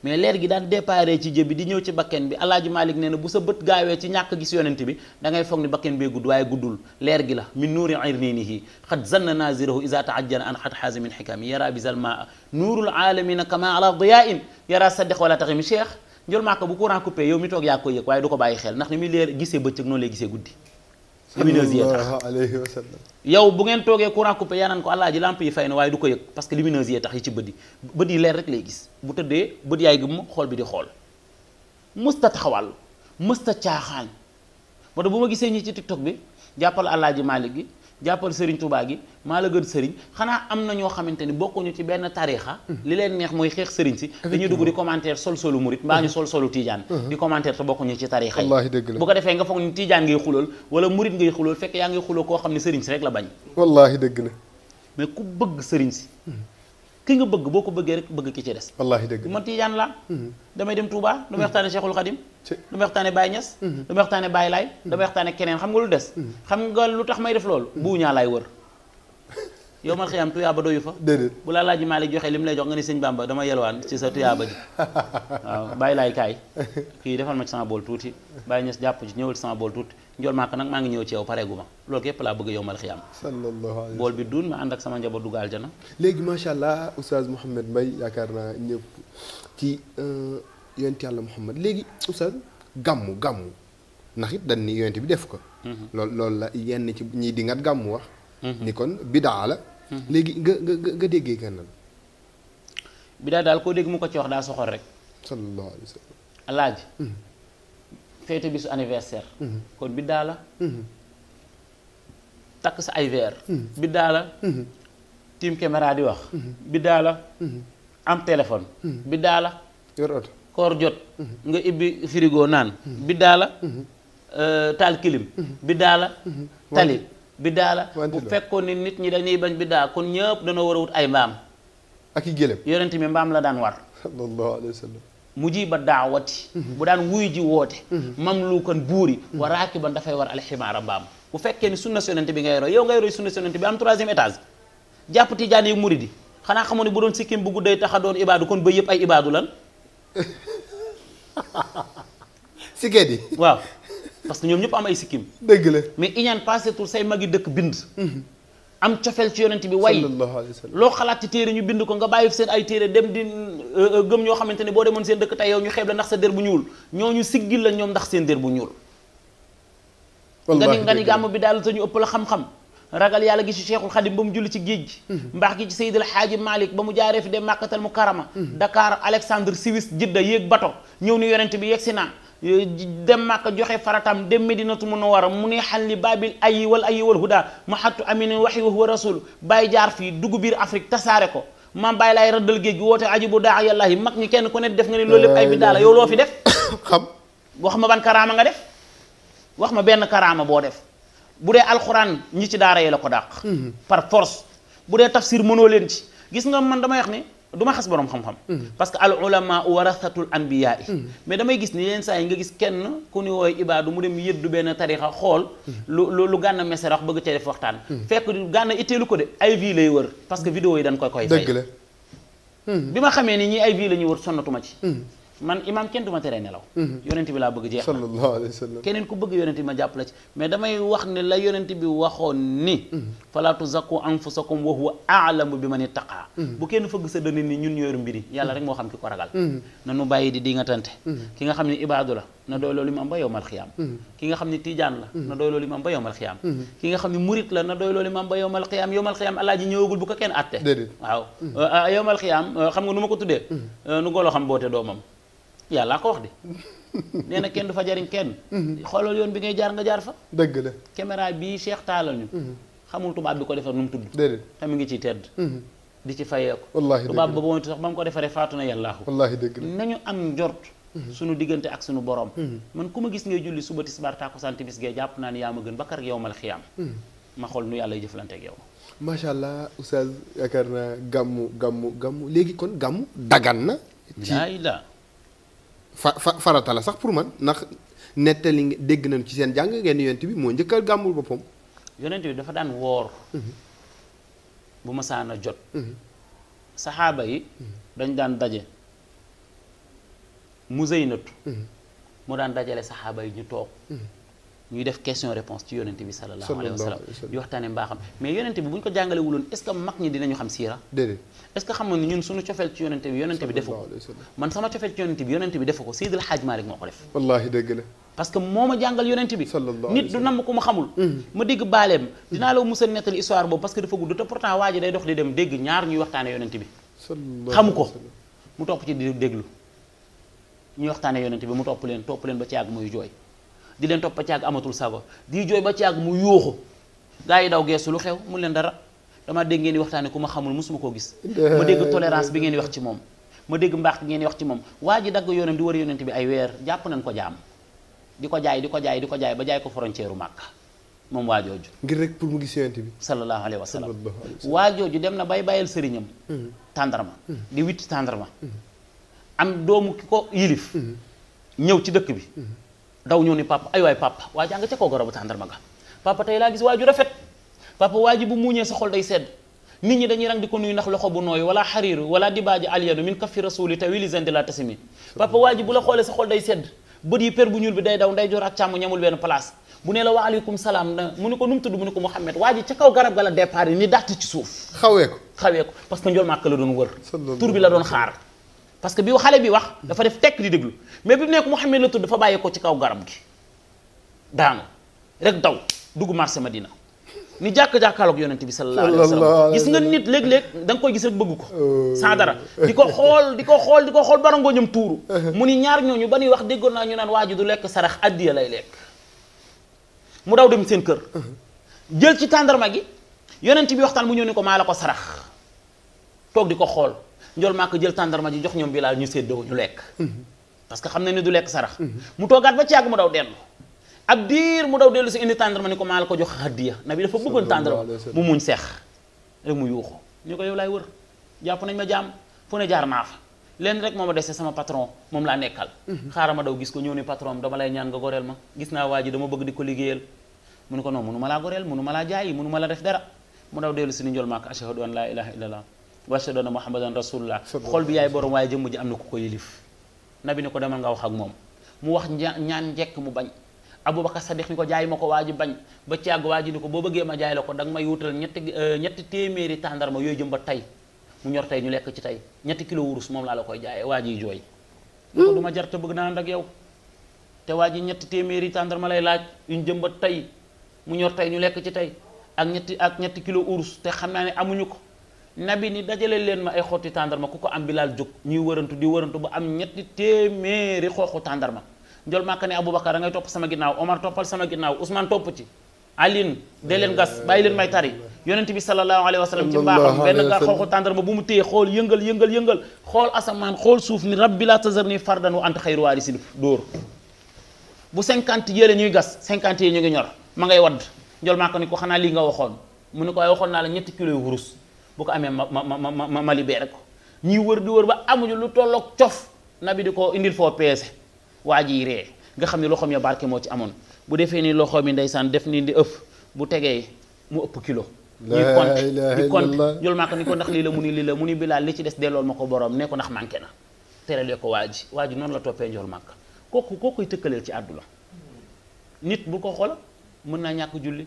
mais leer gi daan déparé ci jëbi di ñëw ci bakken bi alaaji Malick nee na bu sa bët gaawee ci ñàkk gis yonent bi da ngay foog ni bakken bee gudd waaye guddul leer gi la min nuuri irniinihi xat zanna nazirahu isa taajjana an xat xaasi min xikami yara bi zalmaa nuurul aalamina kama ala diya in yara saddex wala taxi mi cheikh njol maaka bu courant coupé yow mi toog yaa koy yëg waaye du ko bàyyi xel ndax ni muy leer gisee bëccëg noonu lay gisee lumineuse yi tax yow bu ngeen toogee courant coupé yaa naan ko àllaaji lamp yi fay na waaye du ko yëg parce que lumineuse yi tax yi ci bët yi bët yi leer rek lay gis bu tëddee bët yaay gëm xool bi di xool mësta taxawal mësta caaxaan moo tax bu ma gisee ñi ci tiktok bi jàppal àllaaji Malick gi jàppal sëriñ Touba gi maa la gën sëriñ xanaa am na ñoo xamante ni bokkuñu ci benn tariixa mhm. li leen neex mooy xeex sëriñ si dañuy dugg di commentaire sol solu murit mbaa ñu sol solu tijaan mhm. di commentaire te bokkuñu ci tariixa yi bu ko defee nga foog ni tijaan ngay xulool wala murit ngay xulool fekk yaa ngay xuloo koo xam ne sëriñ si rek la bañ wallaahi dëgg na mais ku bëgg sëriñ si mhm. ki nga bëgg boo ko bëggee rek bëgg ki ci des wallaahi dëgg man Tijaan la mhm. damay dem Touba damay waxtaane Cheikhul Khadim damay waxtaane Baye Niass mhm. damay waxtaane Baye Laay damay mhm. waxtaane keneen xam nga lu des xam nga lu tax may def loolu buuñaa laay wër yow mal xiyam tuyaaba doyu fa déedéet bu la laaj Maalik joxe li mu lay jox nga ne sëñ Bamba dama yelwaan ci sa tuyaaba ji waaw bàyyi laay kaay kii defal ma ci sama bool tuuti bàyyi ñes jàpp ci ñëwal ci sama tuuti njool maaka nag maa ngi ñëw ci yow pareegu ma loolu képp laa bëgg yow mal xiyam sallallahu alayhi bool bi duun ma ànd ak sama njaboot dugg aljana léegi macha allah oustaz Mouhamed Mbaye yaakaar naa ñëpp ci euh, yonent yàlla Mouhamed léegi oustaz gàmmu gàmmu ndax it dañ ni bi def ko loolu mhm. loolu la yenn ci ñiy di ngat gàmmu wax ni kon bidaa la. léegi nga nga nga déggee gànnaaw. bidaa daal koo dégg mu ko ci wax daa soxor rek. sallallahu alayhi wa sallam. alaaji. Hmm. anniversaire. Hmm. kon bidaa la. Hmm. takk sa ay verre. bidaa la. tiim caméra di wax. bidaa la. am téléphone. bidaa la. koor jot. nga ibbi frigo naan. bidaa la. Euh, taal kilim. bidaa la. tali. biddaa la bu fekkoon ni nit ñi dañuy bañ biddaa kon ñëpp dañoo war a wut ay mbaam ak i gëléem yonent mi mbaam la daan war sallallahu alayhi wa sallam mujiba daawati mhm. bu daan wuy ji woote mhm. mamlukan buuri mhm. wa raakiban dafay war alximaara mbaam bu fekkee ni sunna yonent bi ngay roy yow ngay roy sunna yonent bi am troisième étage jàpp tijaan yi muridi xanaa xamoon ne bu doon sikkim bu gudday taxa doon ibaadu kon ba yëpp ay ibaadu lan [LAUGHS] sikkee di waaw parce que ñoom ñëpp am ay sikkim. dëgg la mais iñaan paasetul say magi dëkk bind. am cofeel ci yonent bi way lo xalaat ci téere ñu bind ko nga bàyyi seen ay téere dem di gëm ñoo xamante ne boo demoon seen dëkk tey yow ñu xeeb la ndax sa dér bu ñuul ñooñu siggil la ñoom ndax seen dér bu ñuul. nga ni nga ni gàmm bi daal te ñu ëpp la xam-xam. ragal yàlla gi ci cheikhul xadim ba julli ci géej gi gi ci seydil xaaji malik ba mu fi dem màkkatal mu dakar alexandre siwis jidda yek bato ñëw ni yonent bi yek naa dem mak joxe faratam dem Medinatu munawar muni halli babil ayi wal ayi wal huda mu amin aminin wa huwa rasul bay jaar fi dugg bir Afrique tasaare ko maam bay lay rëddal géej wote ajibu daa yàllaahi mak ñi ken ko ne def nga ni lolep ay bidala yow lo fi def xam wax ma ban karama nga def wax ma benn karaama boo def budé alquran ñi ci daara yi la ko dàq par force budé tafsir mënoo len ci gis nga man damay wax ne duma xass borom xam-xam. parce que al ulama warathatul anbiya mais damay gis ni yenn say nga gis kenn ku ni woy ibadu mu dem yëddu ben tarixa xol lu lu gànna message wax beug cee waxtan waxtaan. fekk gànna itteelu ko de ay vie lay weur parce que vidéo yi dañ koy koy. fay dëgg la bima xame ni ni ay vie lañu weur wër sonnatuma ci. man imaam kenn du ma teree nelaw mhm. yonent bi laa bëgg jeex sallallahu keneen ku bëgg yonent bi ma jàppale ci mais damay wax ne la yonent bi waxoon ni mhm. falaa tuzakku anfusakum wa huwa a'lamu bi man ittaqaa mhm. bu kenn fëgg sa dënn ni ñun ñooru mbiri yàlla rek moo xam ki ko ragal nanu bàyyi di di nga nga xam ne ibaadu la na doy loolu imaam ba yowmal xiyaam ki nga xam ne tijaan na doy loolu imaam ba yowmal xiyaam ki nga xam ne murit la na doy loolu imaam ba yowmal xiyaam yowmal xiyaam alaaji ñëwagul bu ko kenn atte waaw euh, euh, yowmal xiyaam euh, xam nga nu ma ko tuddee nu golo xam boote doomam yàllaa ko wax de nee na kenn du fa jariñ kenn xoolal yoon bi ngay jaar nga jaar fa dëgg la caméra bii Cheikh taalal ñu mhm. xamul tubaab bi ko defar nu mu tudd déedéet te ngi ciy tedd mhm. di ci fayeeku wallaahi tubaab ba boobu sax ba mu ko defaree faatu na yàllaahu wallaahi dëgg la nañu am njort mhm. suñu diggante ak suñu borom man ku ma gis ngay julli suba tisbaar tàkkusaan timis gee jàpp naa ni yaa ma gën bakkar yow mal xiyaam ma xool nu yàlla jëflante ak yow macha allah oustaz yaakaar naa gàmmu gàmmu gàmmu léegi kon gàmmu dagan na fa farata la sax pour man ndax nettali dégg nañu ci seen jàng ngeen yonent bi moo njëkkal gàmmul boppam. yonent bi dafa daan woor. Mhm. bu ma saan a jot. Mhm. saxaaba yi. Mhm. dañ daan daje. mu Zeynatu. mu daan dajale saxaaba yi ñu toog. ñuy def question réponse ci yonent bi sallallahu alayhi wa sallam di waxtane mbaxam mais yonent bi buñ ko jàngale wulun est ce que mag ñi dinañu xam sira dede est ce que xam nga ñun suñu ciofel ci yonent bi yonent bi defu ko man sama ciofel ci yonent bi yonent bi defu ko Seydil Hadj Malick moo def wallahi dëgg la parce que moma jàngal yonent bi nit du nam ko ma xamul ma deg balem dina la musa netal histoire boobu parce que dafa gudd te pourtant waji day dox di dem deg ñaar ñuy waxtane yonent bi xamu ko mu top ci déglu ñuy waxtane yonent bi mu top len top len ba ci yàgg muy joy di leen topp ba caag amatul sago di jooy ba caag mu yuuxu gaa yi daw geesu lu xew mu leen dara dama dégg ngeen di waxtaane ku ma xamul mosuma koo gis ma dégg tolérance bi ngeen di wax ci moom ma dégg mbaax ngeen di wax ci moom waa ji dagg yoonam di war yonent bi ay weer jàpp nañ ko jaam di ko jaay di ko jaay di ko jaay ba jaay ko frontière u Màkka moom waa jooju rek pour mu gis yonent bi sallallahu alayhi wa sallam waa jooju dem na bay bàyyil sëriñam mm-hmm. tàndarma mm-hmm. di witti tàndarma mm-hmm. am doomu ki ko yilif ñëw ci dëkk bi daw ñëw ni papa ay waay papa waa jaa nga ca koo garabu tàndarma ga papa tey laa gis waa rafet papa waa bu muuñee sa xol day sedd nit ñi dañuy rang di ko nuyu ndax loxo bu nooyu wala xariiru wala dibaaji aliyanu min kafi rasuli tawili zandi la tasimi papa waa ji bu la xoolee sa xol day sedd bët yi per bu ñuul bi day daw nday joor ak càmm ñamul benn place bu ne la wa aleykum salaam mu ni ko num tudd mu ni ko Mouhamed waa ji ca kaw garab ga la départ yi ni dàtt ci suuf xawee ko xawee ko la doon xaar parce que bi xalé bi wax dafa def tek di deglu mais bimu nek mohammed la tud dafa ko ci kaw garam gi daanu rek daw duggu marché medina ni jakal ak yonnati bi sallallahu alaihi wasallam gis nga nit leg leg dang koy gis rek bëgg ko oh. sans dara diko xol diko xol diko xol di ko xool barangoo uh-huh. mu ni ñaar ñoo ñu bani wax déggoon na ñu nan waji du lek sarax addiya lay lek mu daw dem seen kër uh-huh. jël ci tandarma gi yonnati bi waxtaan mu ñew ni ko maa ko sarax tok diko xol njool maa jël tandarma ji jox ñom bilal ñu seddo ñu lek parce que xamna ni du lek sarax mu togaat ba ci mu daw dellu ab dir mu daw delu si indi tandarma ni ko mal ko jox hadiya nabi dafa bëggon tandarma mu muñ seex rek mu yuuxu ñu ko yow lay wër japp nañ ma jam fu jaar fa rek moma déssé sama patron mom la nekkal xaarama daw gis ko ñëw patron dama lay ñaan nga gorel ma gis na waji dama bëgg di ko liggéeyal mu ne ko non mu ma mala gorel mu mala jaay mu mala def dara mu daw delu si ni njol ashhadu an la ilaha illallah wa ashhadu anna muhammadan rasulullah xol bi yaay borom waaye jëmm ji am na ko ko yëlif bi ne ko demal nga wax ak moom mu wax ñaan njekk mu bañ aboubacar sadiq ni ko jaay ma ko waa ji bañ ba ci àgg waa ji ni ko boo bëggee ma jaay la ko danga may wutal ñetti eh, ñetti téeméeri tàndarma yooyu jëm ba tey mu ñor tey ñu lekk ci tey ñetti kilo wurus moom laa koy jaayee waa jiy jooy ni ko duma bëgg naa ak yow te waa ji ñetti téeméeri tàndarma lay laaj yuñ jëm ba tey mu ñor tey ñu lekk ci tey ak ñetti ak ñetti kilo urus te xam naa ne amuñu ko nabi ni dajale len ma ay xoti tandarma kuko am bilal juk ñi wërantu di wërantu ba am ñetti téeméeri xoxu tandarma njol ma kané aboubacar da ngay top sama ginnaw omar topal sama ginnaw Usman top ci alin de len gas bay len may tari yonent bi sallallahu alaihi wasallam ci baax ben nga xoxu tandarma bu mu téy xol yëngal yëngal yëngal xol asaman xol suuf ni rabbi la tazarni fardan wa anta khairu warisin dor bu 50 yele ñuy gas 50 ñu ngi ñor ma ngay wadd njol màkka ni ko xana li nga waxon mu ni ko ay waxon na la ñetti kilo wurus bu ko amee ma ma ma ma ma libéré ko ñuy wër di wër ba amuñu lu tollook cof na bi di ko indil foo peese waa ji ree nga xam ne loxoom ya barke moo ci amoon bu defee ni loxo mi ndeysaan def nii di ëpp bu tegee mu ëpp kilo ñuy compte di compte ni ko ndax lii la mu ni lii la mu ni bilaal li ci des dellool ma ko borom ne ko ndax manqué na teralee ko waa ji waa ji noonu la toppee njol màkk kooku koo koy tëkkaleel ci àdduna nit bu ko xool mën naa ñàkk julli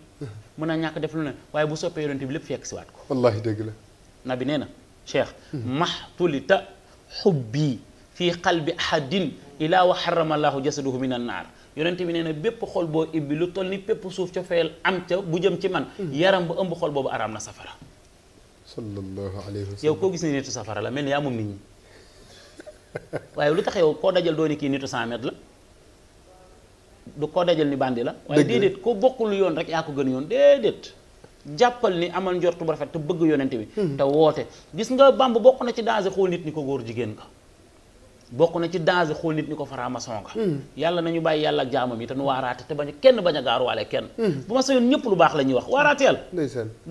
mun naa ñàkk def lu ne waaye bu soppee yonent bi lépp fekk si waat ko wallaahi dëgg la nabi nee na cheikh hmm. maxtulita xubbi fii qalbi ahadin ilaa wa xaramallahu jasaduhu min an naar yonent bi nee na bépp xol boo ibbi lu toll ni bépp suuf cofeel am ca bu jëm ci man hmm. yaram ba ëmb xol boobu araam na safara sallallahu alayhi wa koo gis ni nitu safara la mel ni yaa moom nit ñi [LAUGHS] waaye lu tax yow koo dajal dooni kii nitu 100 mètres la du ko dajal ni bandi la waaye déedéet koo bokkul yoon rek yaa ko gën yoon déedéet jàppal ni amal njortu bu rafet te bëgg yonent bi hmm. te woote gis nga bamb bokk na ci danger xool nit ni ko góor jigéen nga bokk na ci danger xool nit ni ko faramaçon nga hmm. yàlla nañu bàyyi yàlla ak jaamam yi te nu waaraate te bañ kenn bañ a gaaruwaale kenn hmm. bu ma sañoon ñëpp lu baax la ñuy wax waaraateel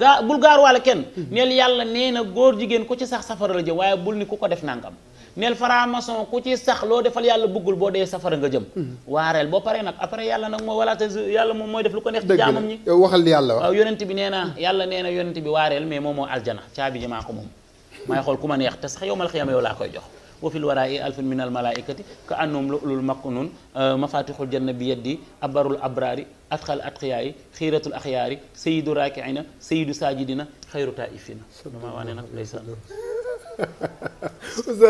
gaa bul gaaruwaale kenn neel yàlla nee na góor jigéen ko ci sax safara la jëm waaye bul ni ku ko def nangam neel franc-maçon ku ci sax lo defal yàlla buggul bo dé safara nga jëm waareel bo paré nak après yàlla nak mo walaata yàlla mom moy def lu ko neex ci jaamam ñi waxal li yàlla wax yonent bi neena yàlla neena yonent bi waareel mais momo aljana caabi ji maa ko mom may xol kuma neex te sax yowmal khiyam yow la koy jox wa fil waraa'i alfun min al malaa'ikati ka annahum lu'lu'un maknuun mafaatixul janna bi yeddi abarul abraari atqal atqiyaay xiiratul axyaari sayidu raakiina sayidu saajidina xayru taa'ifina. oustaz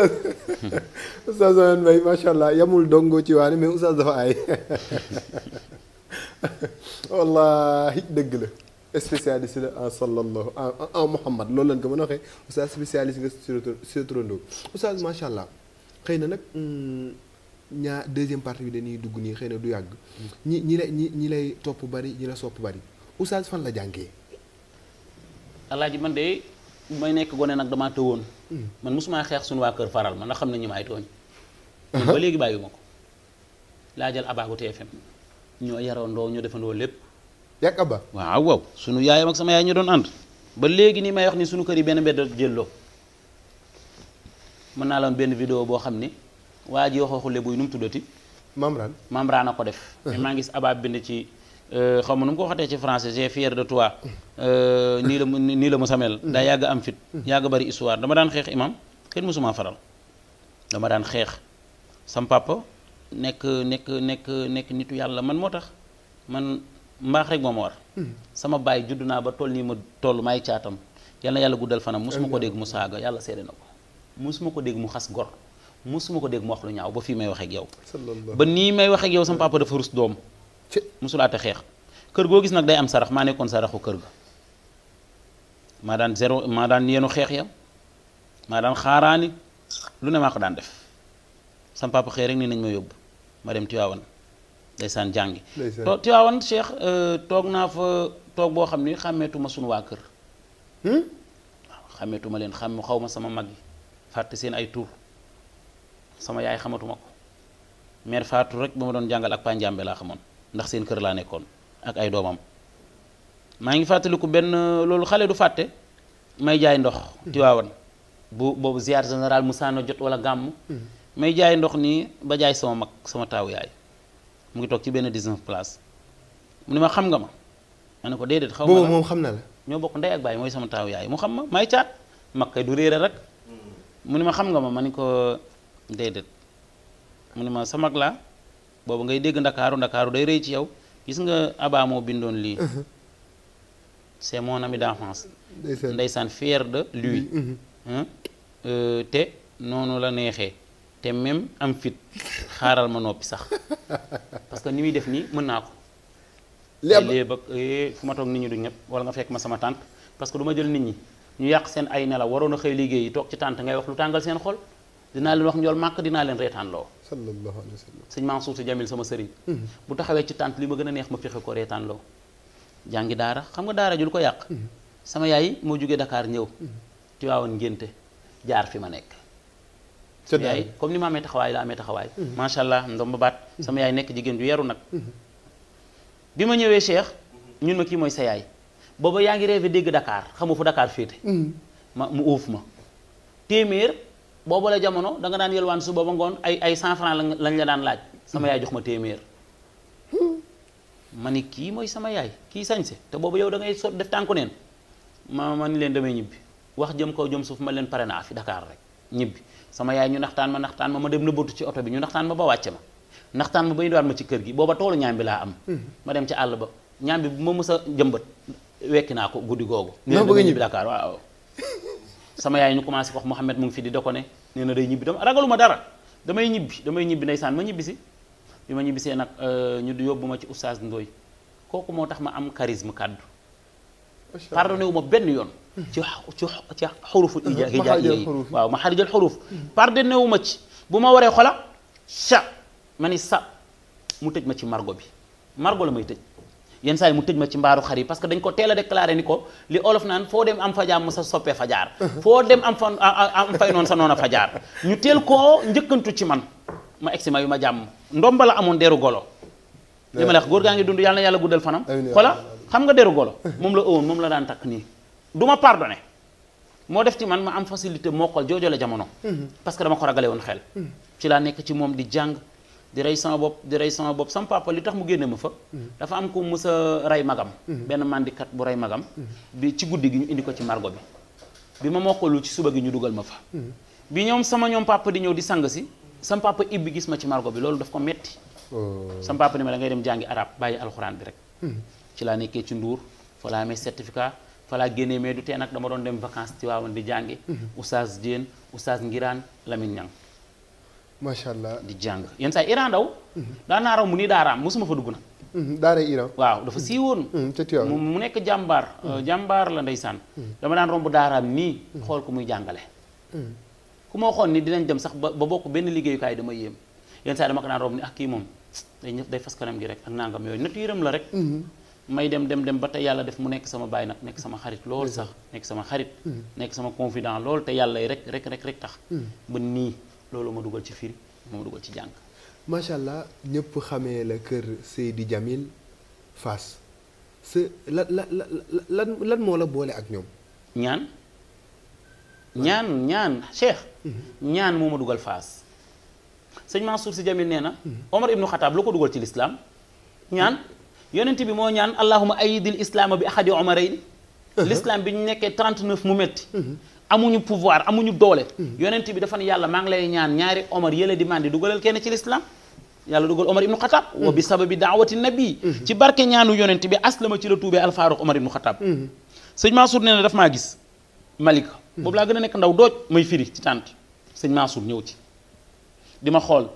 oustaz Owen Mbaye macha allah yamul dongo ci waane mais oustaz dafa aay [LAUGHS] wallahi dëgg la spécialiste la en sallallahu en Muhammad loolu lañ ko mën a waxee oustaz spécialiste nga sur turandoo oustaz macha allah xëy na nag mm, ñaar deuxième partie bi dañuy dugg nii xëy na du yàgg ñi ñi lay ñi ñi lay topp bari ñi la sopp bari oustaz fan la jàngee man de may nekk gone nag damaa tëwoon man mosumaa xeex suñu waa kër faral ma ndax xam nañu may tooñ ba léegi ma ko laa jël abaagu TFM ñoo yarandoo ñoo defandoo lépp yàgg aba waaw waaw suñu yaayam ak sama yaay ñu doon ànd ba léegi nii may wax ni suñu kër yi benn mbedd jëlloo mën naa la benn vidéo boo xam ni waa ji waxoo xule buy nu mu tuddati Mamran Mamran a ko def mais maa ngi gis bind ci Euh, xaw ma nu mu ko waxatee ci français j'ai fier de toit euh, nii la nii la mu samel daa yàgg am fit yàgg bari histoire dama daan xeex imam kenn mësuma faral dama daan xeex sam papa nekk nekk nekk nekk nitu yàlla man moo tax man mbaax rek moo ma war sama baay judd naa ba toll nii ma toll maay caatam yal na yàlla guddal fanam musuma ko dégg mu saaga yàlla seede na ko musuma ko dégg mu xas gor musuma ko dégg mu wax lu ñaaw ba fii may wax ak yow ba nii may wax ak yow doom musulaate xeex kër goo gis nag day am sarax maa nekkoon saraxu kër ga maa daan zéro maa daan yenu xeex ya maa daan xaaraani lu ne maa ko daan def sam papa xëy rek ni nañ ma yóbbu ma dem Tiwaawan ndeysaan jàngi to Tiwaawan Cheikh euh, toog naa fa toog boo xam ni xàmmeetuma sunu waa kër hmm? waaw xàmmeetuma leen xàmme xaw ma sama mag yi fàtte seen ay tur sama yaay xamatuma ko mère Fatou rek ba ma doon jàngal ak Panjambe laa xamoon ndax seen kër laa nekkoon ak ay doomam maa ngi fàttaliku benn loolu xale du fàtte may jaay ndox Tiwaawan bu boobu ziar général mu Musaana jot wala gàmm mm-hmm. may jaay ndox nii ba jaay sama mag sama taawu yaay mu ngi toog ci benn 19 place mu ne ma xam nga ma ma ne ko déedéet xaw ma boobu xam na ñoo bokk ndey baay mooy sama taawu yaay mu xam ma may caat mag du réere rek mm-hmm. mu ma xam nga ma ma ne ko déedéet mu ne ma sa mag laa boobu ngay dégg ndakaaru ndakaaru day rëy ci yow gis nga Abba moo bindoon lii uh-huh. c'est mon ami d'enfance ndeysaan fier de lui mm-hmm, mm-hmm. Euh, te noonu la neexee te même am fit xaaral ma noppi sax parce que ni muy def nii mën naa ko léegi ba eh, fu ma toog nit ñi du ñëpp wala nga fekk ma sama tànt parce que du jël nit ñi ñu yàq seen ay nelaw waroon a xëy liggéey yi toog ci tànt ngay wax lu tàngal seen xol dinaa leen wax njool màkk dinaa leen reetaan loo sallallahu alayhi wa sallam sëñ si Jamil sama sëriñ mhm. bu taxawee ci tànt li ma gën a neex ma fexe ko reetaan loo jàngi daara xam nga daara jul ko yàq mhm. sama yaay moo jógee dakaar ñëw mhm. Tiwaawoon ngénte jaar fi ma nekk sama yaay comme ni ma amee taxawaay la amee taxawaay macha allah ndomba baat sama yaay nekk jigéen ju yaru nag bi ma ñëwee Cheikh ñun ma kii mooy sa yaay booba yaa ngi rêvé dégg Dakar xamu fu dakaar féete ma mu uuf ma téeméer boobu la jamono da nga daan yelwaan suba ba ngoon ay ay cent franc lañ la daan laaj sama yaay jox ma téeméer ma ni kii mooy sama yaay kii sañse te boobu yow da ngay so def tànku neen ma ma ni leen demee ñibbi wax jëm koo jëm suuf ma leen pare naa fi dakaar rek ñibbi sama yaay ñu naxtaan ma naxtaan ma ma dem nëbbatu ci oto bi ñu ndaxtaan ma ba wàcce ma naxtaan ma ba ñu doon ma ci kër gi booba toolu ñaam bi laa am mm-hmm. ma dem ci àll ba ñaam bi ma mës jëmbat wekki naa ko guddi googu. [LAUGHS] sama yaay ñu commencé wax mohammed mu ngi fi di doko ne neena day ñibbi dama ragaluma dara damay ñibbi damay ñibbi ndeysaan ma ñibbi si bi ma euh, ñu yóbbu ci oustaz Ndoy koku motax ma am charisme kaddu pardonné wu ma benn yoon ci ci ci huruf hijaaiya yi waaw ma xarijal huruf hmm. pardonné wu ma ci bu waré xola Sha, mani sa mu tejj ma ci margo bi margo la may tejj yenn saa yi mu tëj ma ci mbaaru xar yi parce que dañ ko teel a déclaré ni ko li olof naan foo dem am fa jàmm sa soppee fajaar uh-huh. foo dem am fa am fay noonu sa noon a fa ñu teel koo njëkkantu ci man ma egsi ma yu ma jàmm ndomba la amoon deru golo li ma la goor gaa ngi dund yàlla na yàlla guddal fanam xoola xam nga deru golo moom la ëwoon moom la daan takk nii du ma pardonné moo def ci man ma am facilité mokkal joojo la jamono uh-huh. parce que dama ko ragale woon xel uh-huh. ci di rey sama bopp di rey sama bopp sama papa li tax mu génne ma fa. Mhm. dafa am ku mës a rey magam. Mhm. benn mandikat bu rey magam. Mhm. bi ci guddi gi ñu indi ko ci margo bi. bi ma mokkalu ci suba gi ñu dugal ma fa. bi ñoom sama ñoom papa di ñëw di sang si. sama papa ibbi gis ma ci margo bi loolu daf ko metti oh. sama papa ni ma da ngay dem jàngi arab bàyyi alxuraan bi rek. ci laa nekkee ci nduur fa laa amee certificat. falaa génnee mais du tee nag dama doon dem vacances ci waawoon di jàngi. Oustaz Diène Oustaz Ngiraan Lamine macha allah di jàng yenn saa Iran daw. Mhm. daanaa raw mu ni daaraam mosuma fa dugg na. Mhm, daara Iran. waaw dafa mhm. siiwoon. mu nekk jàmbaar. Euh, jàmbaar la ndeysaan. dama daan romb daaraam nii. xool ko muy jàngale. ku ma waxoon ni dinañ dem sax ba ba bokk benn liggéeyukaay dama yéem yenn saa dama ko daan romb ni ak ah, kii moom day ñëf day fas kanam gi rek ak nangam yooyu natu yërëm la rek. may dem dem dem ba tey yàlla def mu nekk sama baay nag nekk sama xarit lool sax nekk sama xarit. nekk sama confident lool te yàlla rek loolu mo dugal ci firi mo dugal ci jàng. ma sha allah ñëpp xamé la kër Seydi Jamil Fass ce lan la lan lan moo la bolé ak ñom ñaan ñaan ñaan Cheikh. ñaan mo mo dugal Fass. seigne Mansour si jamil neena Omar ibn khattab lako ko dugal ci l'islam ñaan yonent bi mo ñaan allahumma ayyidil islam bi ahadi umarayn l'islam biñu nekké 39 mu metti amuñu pouvoir amuñu doole. Hmm. yonent bi dafa ne yàlla maa ngi lay ñaan ñaari Omar yële di mandi dugalal kenn ci l'islam yàlla dugal Omar ibnu Xataab. Hmm. wa bi sababi daawati nabi. Hmm. ci barke ñaanu yonent bi aslama ci la tuubee alfaaruq Omar ibnu Xataab. sëñ Mansour nee na daf maa gis Malika. boobu laa gën a nekk ndaw dooj may firi ci tànt sëñ Mansour ñëw ci. di ma xool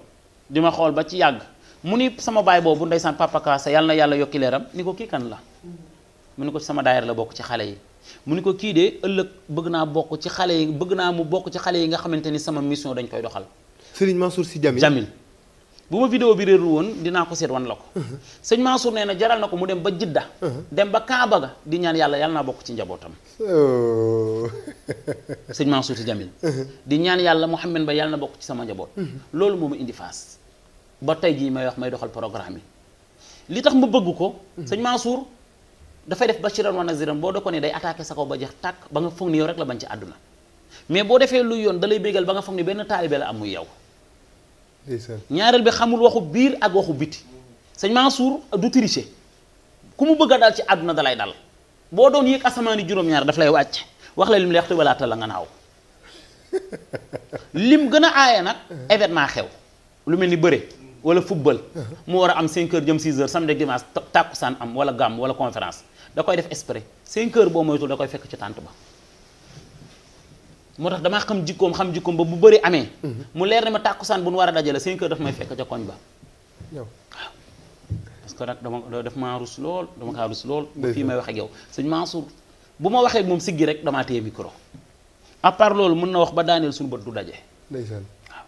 di ma xool ba ci yàgg mu ni sama baay boobu ndeysaan papa Kaasa yàlla na yàlla yokki leeram ni ko kii la. mu ni ko sama daayira la bokk ci xale yi. mu ni ko kii de ëllëg bëgg naa bokk ci xale yi bëgg naa mu bokk ci xale yi nga xamante ni sama mission dañ koy doxal. Serigne Mansour Sy Djamil Djamil bu ma vidéo bi réerul woon dinaa ko seet wan la ko. Uh-huh. sëñ Mansour nee na jaral na ko mu dem ba Jidda. Uh-huh. dem ba Kaaba ga di ñaan yàlla yàlla naa bokk ci njabootam. Oh. [LAUGHS] sëñ Mansour Sy Djamil uh-huh. di ñaan yàlla Mouhamed ba yàlla na bokk ci sama njaboot. loolu moo ma indi Fass. ba tey ji may wax may doxal programme yi li tax ma bëgg ko. sëñ Mansour dafay def ba bashiran wa naziran boo doo ko ne day attaqué sa kaw ba jeex tàkk ba nga foog ni yow rek la bañ ci àdduna mais boo defee luy yoon dalay lay bégal ba nga foog ni benn taalibe la am muy yow ñaareel bi xamul waxu biir ak waxu señ sëñ Mansour du tricher ku mu bëgg a dal ci àdduna da lay dal boo doon yéeg asamaani juróom-ñaar daf lay wàcc wax la lim leex tu balaa la nga naaw [LAUGHS] lim gën a aaye nag événement xew lu mel ni bëre wala football uh-huh. mu war a am 5 heures jëm 6 heures samedi ak dimanche takkusaan am wala gàmm wala conférence da koy def exprès 5 heures boo moytul da koy fekk ci tànt ba moo tax damaa xam jikkoom xam jikkoom ba bu bari amee mhm. mu leer ne ma tàkkusaan bu nu war a dajale 5 heures daf may fekk ca koñ ba waaw parce que dama daf maa rus lool dama kaa rus lool ba fii may wax ak yow sëñ Mansour bu ma waxee moom siggi rek damaa téye micro à part loolu mën na wax ba daaneel suñu bët du daje waaw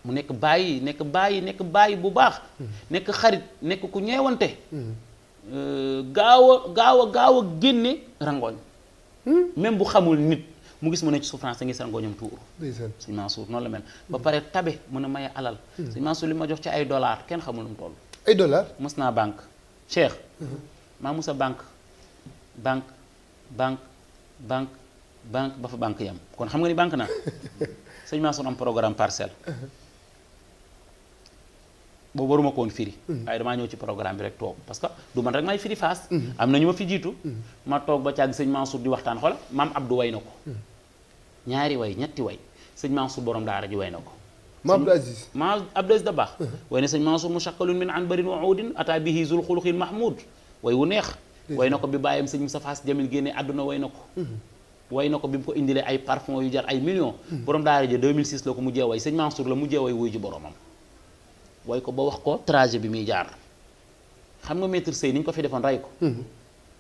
mu nekk bàyyi nekk bàyyi nekk bàyyi bu baax mhm. nekk xarit nekk ku ñeewante mhm. gaaw a gaaw a gaaw a génne rangoñ hmm? même bu xamul nit mu gis mu ne ci souffrance da gis rangoñam tuuru sëñ Mansour noonu la mel ba pare tabe mën a maye alal hmm. sëñ Mansour li ma jox ci ay dollar kenn xamul lu mu toll ay dollar mos naa banque Cheikh hmm. maa mos a banque banque banque banque ba fa banque yam kon xam nga ni banque naa [LAUGHS] sëñ Mansour am programme parcelle uh-huh. boobu waruma koon firi waaye hmm. damaa ñëw ci programme bi rek toog parce que du may firi faas hmm. am na ñu ma fi jiitu hmm. ma toog ba càgg sëñ Mansour di waxtaan xoola maam Abdou way na ko ñaari way ñetti way sëñ Mansour borom daara ji way na ko maam Abdou Aziz maam Abdou Aziz da baax way na barin wa udin ata bihi xuluxin mahmoud way wu neex way na ko bi bàyyam sëñ Moussa Fass Jamil génne àdduna way na ko way na ko bi mu ko indilee ay parfum yu jar ay millions borom daara ji 2006 la ko mujjee way sëñ Mansour way ko ba wax ko trajet bi muy jaar xam nga maître sëy ni ko fi defoon rey ko mhm.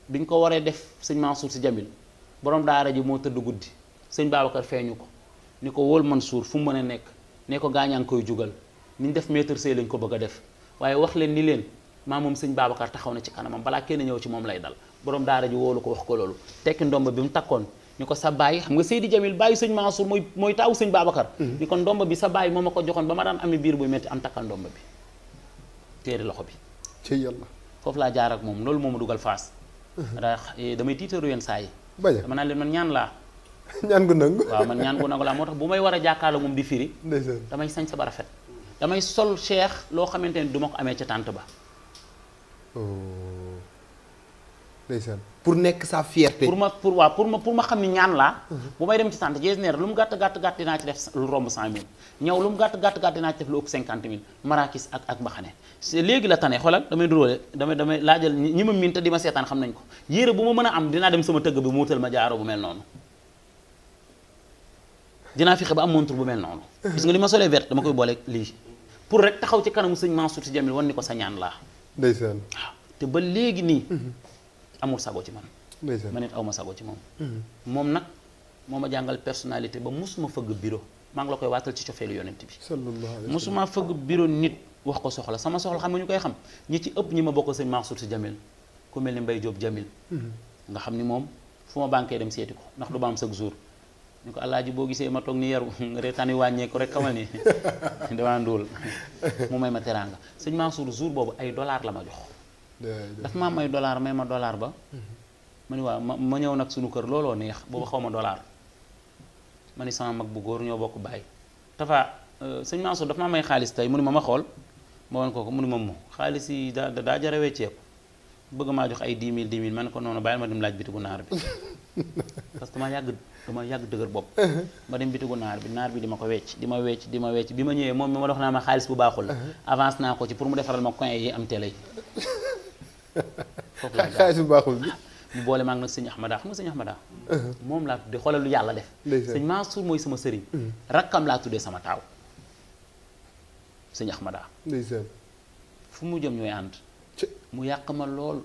bi biñ ko waree def sëñ Mansour si Jamil borom daara ji moo tëdd guddi sëñ Babacar feeñu ko ni ko wool man Mansour fu mu mën a nekk ne ko gaañaa ngi koy jugal niñ def maître sëy lañ ko bëgg a def waaye wax leen ni leen maa moom sëñ Babacar taxaw na ci kanamam balaa kenn ñëw ci moom lay dal borom daara ji woolu ko wax ko loolu tekki ndomb bi mu takkoon ñu ko sa baay xam nga Seydi Jamil bàyyi sëñ Mansour mooy mooy taawu sëñ Babacar ñu mhm. ko ndomb bi sa baay moom ma ko joxoon ba ma daan amee biir buy metti am takkal ndomb bi téere loxo bi ci yàlla foofu laa jaar ak moom loolu moo ma dugal faas mhm. eh, damay tiitaru yenn saa yi dama naan leen man ñaan laa [LAUGHS] ñaan gu nangu waaw man ñaan gu nangu laa moo tax bu may war a jàkkaarloo moom di firi damay sañ sa ba rafet damay sol cheikh loo xamante ni duma ko amee ca tànt ba oh. pour nek sa fierté pour ma pour wa pour ma pour ma xamni ñaan la bu may dem ci centre jésner lu mu gatt gatt gatt dina ci def lu romb 100000 ñew lu mu gatt gatt gatt dina ci def lu upp 50000 marakis ak ak mbaxane légui la tané xolal damay duróole damay damay lajël ñima min te dima sétane seetaan xam nañ ko yéré bu ma mëna am dina dem sama tëgg bi mu wutal ma jaaro bu mel non dina fi xeba am montre bu mel non gis nga lima solé solee vert dama koy bolé li pour rek taxaw ci kanamu seigne Mansour ci Jamil won ni ko sa ñaan la ndeysaan té ba légui ni mhm. amul sago ci man ma nit aw ma sago ci moom mm-hmm. moom nag moo ma jàngal personalité ba musuma fëgg bureau maa la koy waatal ci cofeelu yonent bi musuma fëgg bureau nit wax ko soxla sama soxla xam nga ñu koy xam ñi ci ëpp ñi ma bokk sëñ Mansour si Jamil ku mel ni Mbaye mm-hmm. nga xam ni moom fu ma banquee dem seeti ko ndax du ma am chaque jour ñu ko a alaaji boo gisee ma toog ni yaru [LAUGHS] reetaan yi wàññeeku rek xamal ni [LAUGHS] damaa ndóol [LAUGHS] mu may ma teraanga sëñ Mansour jour boobu ay dollar la ma jox daf maa may dollar may ma dollar ba. Mm-hmm. ma ni waaw ma ma ñëw nag suñu kër looloo neex booba xaw ma dollar. ma ni sama mag bu góor ñoo bokk bàyyi. Tafa euh, sëñ Mansour daf maa may xaalis tey mu ni ma ma xool ma wan kooku mu ma mu xaalis yi daa daa jar a wecceeku bëgg maa jox ay 10 000 10 000 man ko noonu bàyyil ma dem laaj bitigu naar bi [LAUGHS] parce que dama yàgg dama yàgg dëgër bopp uh-huh. ma dem bitigu naar bi naar bi di ma ko wecc di ma wecc di ma wecc bi ma ñëwee moom mi ma dox naa ma xaalis bu baaxul la uh-huh. avance naa ko ci pour mu defaral ma coin yi am télé yi [LAUGHS] foofu laa xaalis bu baaxul bi mu boole maag nag sëñ Ahmada xam nga sëñ Ahmada uh-huh. moom laa tuddee xoolal lu yàlla def sëñ Mansour mooy sama sëriñ uh-huh. rakkam laa tuddee sama taaw sëñ Ahmada fu mu jëm ñooy ànd mu yàq ma lool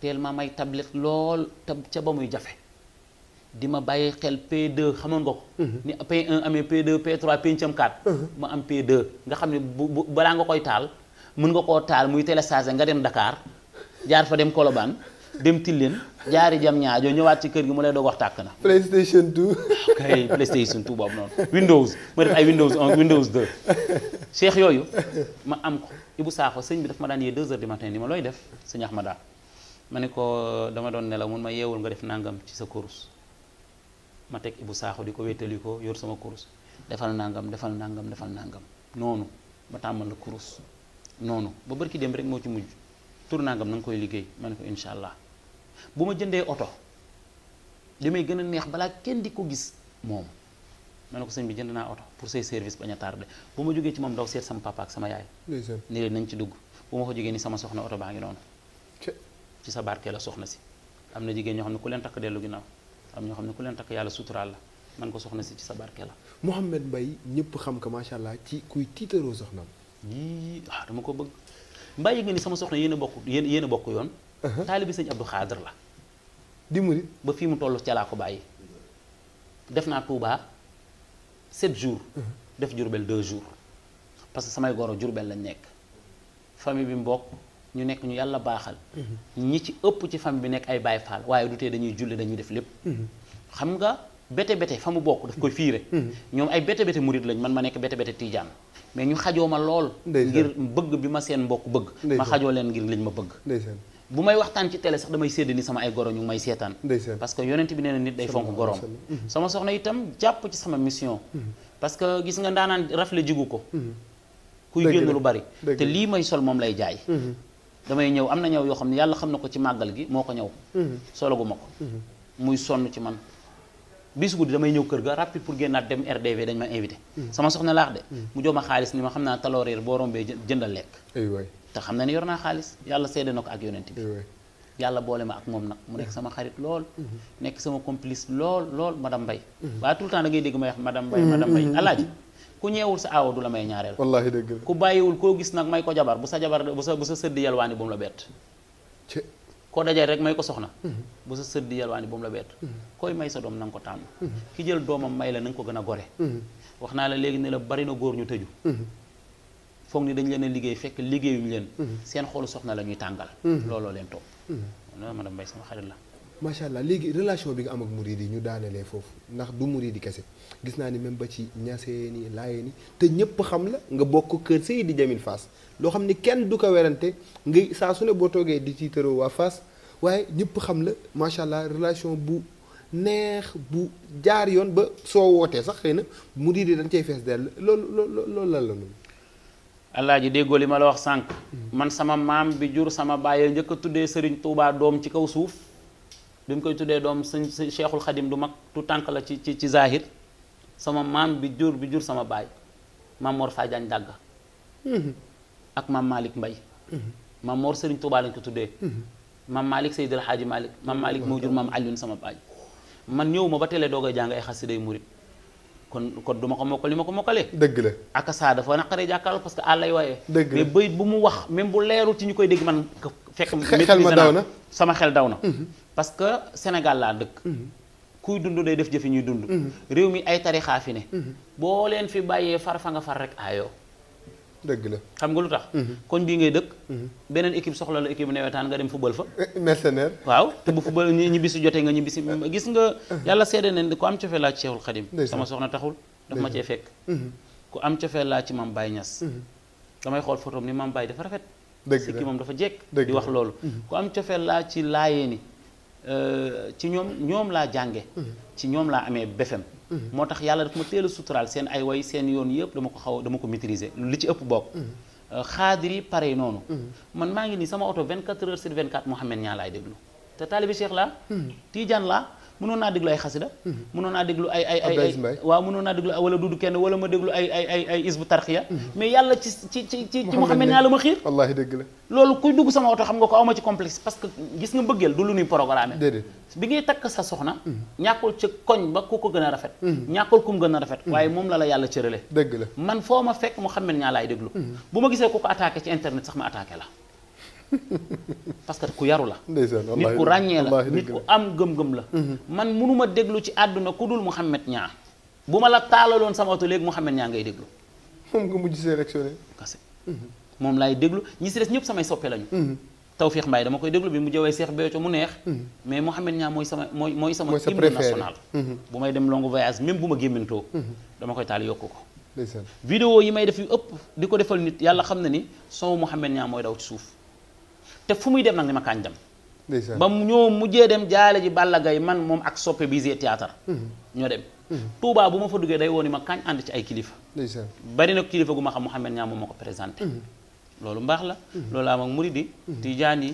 teel ma may tablette lool te ca ba muy jafe di ma bàyyi xel P2 xamoon nga ko uh-huh. ni p P2 p pencam 4 ma am P2 nga xam ne bu balaa nga koy taal mën nga koo taal muy télécharger nga dem Dakar jaar fa dem koloban, dem tilen jaari jam ñaajo ñewat ci kër gi mu lay wax tak na. PlayStation 2. kay PlayStation 2 bob non Windows mo def ay Windows 1 Windows 2 Cheikh yoyu ma am ko sahko Sakho señ bi daf ma daan 2 h du matin ni ma loy def señ Ahmada ma ko dama don nelaw mun ma yewul nga def nangam ci sa kurus ma tek ibu Sakho di ko ko yor sama kurus defal nangam defal nangam defal nangam nonu ma tamal la ba barki dem rek mo ci mujj. tur nangam na nga koy liggéey ma ne ko incha allah bu ma jëndee oto li may gën a neex balaa kenn di ko gis moom ma ne ko sëñ bi jënd naa oto pour say service bañ a tardé bu ma jógee ci moom daw seet sama papa ak sama yaay. ni leen nañ ci dugg bu ma ko jógee ni sama soxna oto baa ngi noonu. ci sa barke la soxna si am na jigéen ñoo xam ne ku leen takk dellu gi ginnaaw am ñoo xam ne ku leen takk yàlla suturaal la man ko soxna si ci sa barke la. Mouhamed Mbaye ñëpp xam ko macha allah ci kuy tiitaroo soxnaam. yii ah, mbaa yëg nga ni sama soxla yéen a bokk yéen yéen bokk yoon uh-huh. taalibi sëñ Abdou Xaadir la di ba fii mu toll ca laa ko bàyyi def naa Touba set jours uh-huh. def Jurbel 2 jours parce que samay goro Jurbel lañ nekk famille bi mu ñu nekk ñu yàlla baaxal uh-huh. ñi ci ëpp ci famille bi nekk ay Baay Faal waaye du tee dañuy julli dañuy def lépp xam nga bete bete fa mu bokk daf koy fiire mm-hmm. ñoom ay bete bete murit lañ man ma nekk bete bete tiijaan mais ñu xajoo ma lool ngir bëgg bi ma seen mbokk bëgg ma xajoo leen ngir liñ ma bëgg bu may waxtaan ci télé sax damay sédd ni sama ay goro ñu may seetaan parce yonent bi nee nit day fonk goroom mm-hmm. sama soxna itam jàpp ci sama mission mm-hmm. parce gis nga ndaanaan rafle jigu ko kuy génn lu bari te lii may sol moom lay jaay damay ñëw am na ñëw yoo xam ne yàlla xam gi moo ko ñëw solaguma ko bis di damay ñëw kër ga rapide pour génnaat dem RDV dañ ma invité. Hmm. sama soxna laax de. Hmm. mu jox ma xaalis ni ma xam naa taloo réer boo rombee jëndal lekk. te xam na ne yor naa xaalis yàlla sedd na ko ak yonent bi. yàlla boole ma ak moom nag mu nekk hmm. sama xarit lool. nekk sama complice lool lool madame Mbaye. waaye tout le temps da ngay ma may wax madame Mbaye madame Mbaye alaaji. ku ñeewul sa aawo du la may ñaareel. wallaahi dëgg ku bàyyiwul koo gis nag may ko jabar bu sa jabar bu sa bu sa sëddi yalwaani la bett. koo dajal rek may ko soxna mhm. bu sa sët di yalwaani bu mu la bett mhm. koy may sa doom na ko tànn mhm. ki jël doomam may la na ko gën a gore wax naa la léegi ne la bari na góor ñu tëju foog ni dañ leen a liggéey fekk liggéeyuñu leen seen xoolu soxna lañuy tàngal looloo leen topp loolu madame Mbaye sama xarit la macha allah léegi relation bi nga am ak murid ñu daanelee foofu ndax du murid yi kese gis naa ni même ba ci ñaseen yi laayeen yi te ñëpp xam la nga bokk kër di Jamil fas loo xam ni kenn du ko werante nga saa su ne boo toogee di ci tëroo waa fas waaye ñëpp xam la macha allah relation bu neex bu jaar yoon ba soo wootee sax xëy na murid yi dañ cay fees dell loolu loolu loolu lan la déggoo li ma la wax sànq. man sama maam bi jur sama baay njëkk a tuddee Serigne Touba doom ci kaw suuf. bi mu koy tuddee doom sëñ sëñ Cheikhul Xadim du mag tu tànk la ci ci ci zahir sama maam bi jur bi jur sama baay maam Mor Fadiagne Dagga mm-hmm. ak maam maalik mbay mm-hmm. maam Mor Serigne Touba lañ ko tuddee mm-hmm. maam Malick Seydil Hadji Malick maam Malick moo jur maam Alioune sama baay man ñëw ma ba télé doog a jàng ay xasiday murit kon kon du ma ko mokkal li ma ko mokkalee dëgg la ak saa dafa naqaree jàkkaarloo parce que àllay waaye dëgg la mais bayit bu mu wax même bu leeru ci ñu koy dégg man fekk xel ma daw na sama xel daw na parce que Sénégal laa dëkk. Mhm. kuy dund day def jëfi ñuy dund. Mhm. réew mi ay tarixaa fi ne. Mhm. boo leen fi bàyyee far fa nga far rek aayoo. Ah dëgg la xam nga lu tax. koñ bii ngay dëkk. beneen équipe soxla la équipe nawetaan nga dem football fa. Eh, mercenaire. waaw te bu football ñi ñibbi si jotee nga ñibbisi si eh. gis nga. yàlla seede nañ ko am cofee laa ci Seexul Xadim. sama soxna taxul daf ma cee fekk. ku am cofee laa ci Mame Baye Niass. damay xool photo ni Mame Baye dafa rafet. dëgg moom dafa jekk. di wax loolu. am cofee laa Euh, ci ñoom ñoom laa jànge mm-hmm. ci ñoom laa amee befem mm-hmm. moo tax yàlla daf ma teel a suturaal seen ay way seen yoon yëpp dama ko xaw dama ko maîtriser li ci ëpp bokk mm-hmm. euh, xaadir yi pare noonu man maa ngi nii sama oto 24 heures sur 24 Mouhamed Niang laay déglu te taalibi Cheikh laa tiijaan laa mënoon naa déglu ay xasida mm-hmm. mënoon naa déglu ay ay ay waaw mënoon déglu wala dudu kenn wala ma déglu ay ay ay ay isbu tarxiya mm-hmm. mais yàlla ci ci ci ci ci Mouhamed naa la ma xiir wallaahi dëgg la loolu kuy dugg sama oto xam nga ko awma ci complexe parce que gis nga mbëggeel du lu ñuy programme bi ngay takk sa soxna mm-hmm. ñàkkul ci koñ ba ku ko gën a rafet ñàkkul ku gën a rafet waaye moom la la yàlla cërale dëgg la man foo ma fekk Mouhamed ñaa laay déglu bu ma gisee ku ko attaqué ci internet sax ma attaqué la [LAUGHS] parce que ku yaru la nit ku ràññee la nit ku am gëm-gëm la mm-hmm. man munuma déglu ci àdduna ku dul Mouhamed Niang bu ma la taalaloon sama oto léegi Mouhamed Niang ngay déglu moom nga mujj sélectionné mm-hmm. moom laay déglu ñi si des ñëpp samay soppe lañu mm-hmm. Tawfekh Mbaye dama koy déglu bi mu jëwee Cheikh Béthio mu neex mais Mouhamed Niang mooy sama mooy sama hymne national bu may dem longue voyage même bu ma gémmantoo dama koy taal yokk ko vidéo yi may def yu ëpp di ko defal nit yàlla xam na ni son Mouhamed Niang mooy te fu muy dem nag ni ma kañ dem. ba ñoo mujjee dem jaale ji Balla gay man moom ak soppe bi Zé théâtre mhm. ñoo dem. Mhm. Touba bu ma fa duggee day woon ni ma kañ ànd ci ay kilifa. bari na kilifa gu ma xam Mouhamed Niang ma ko présenté. Mhm. loolu mbaax la. loolu am ak murid yi. tijaan yi.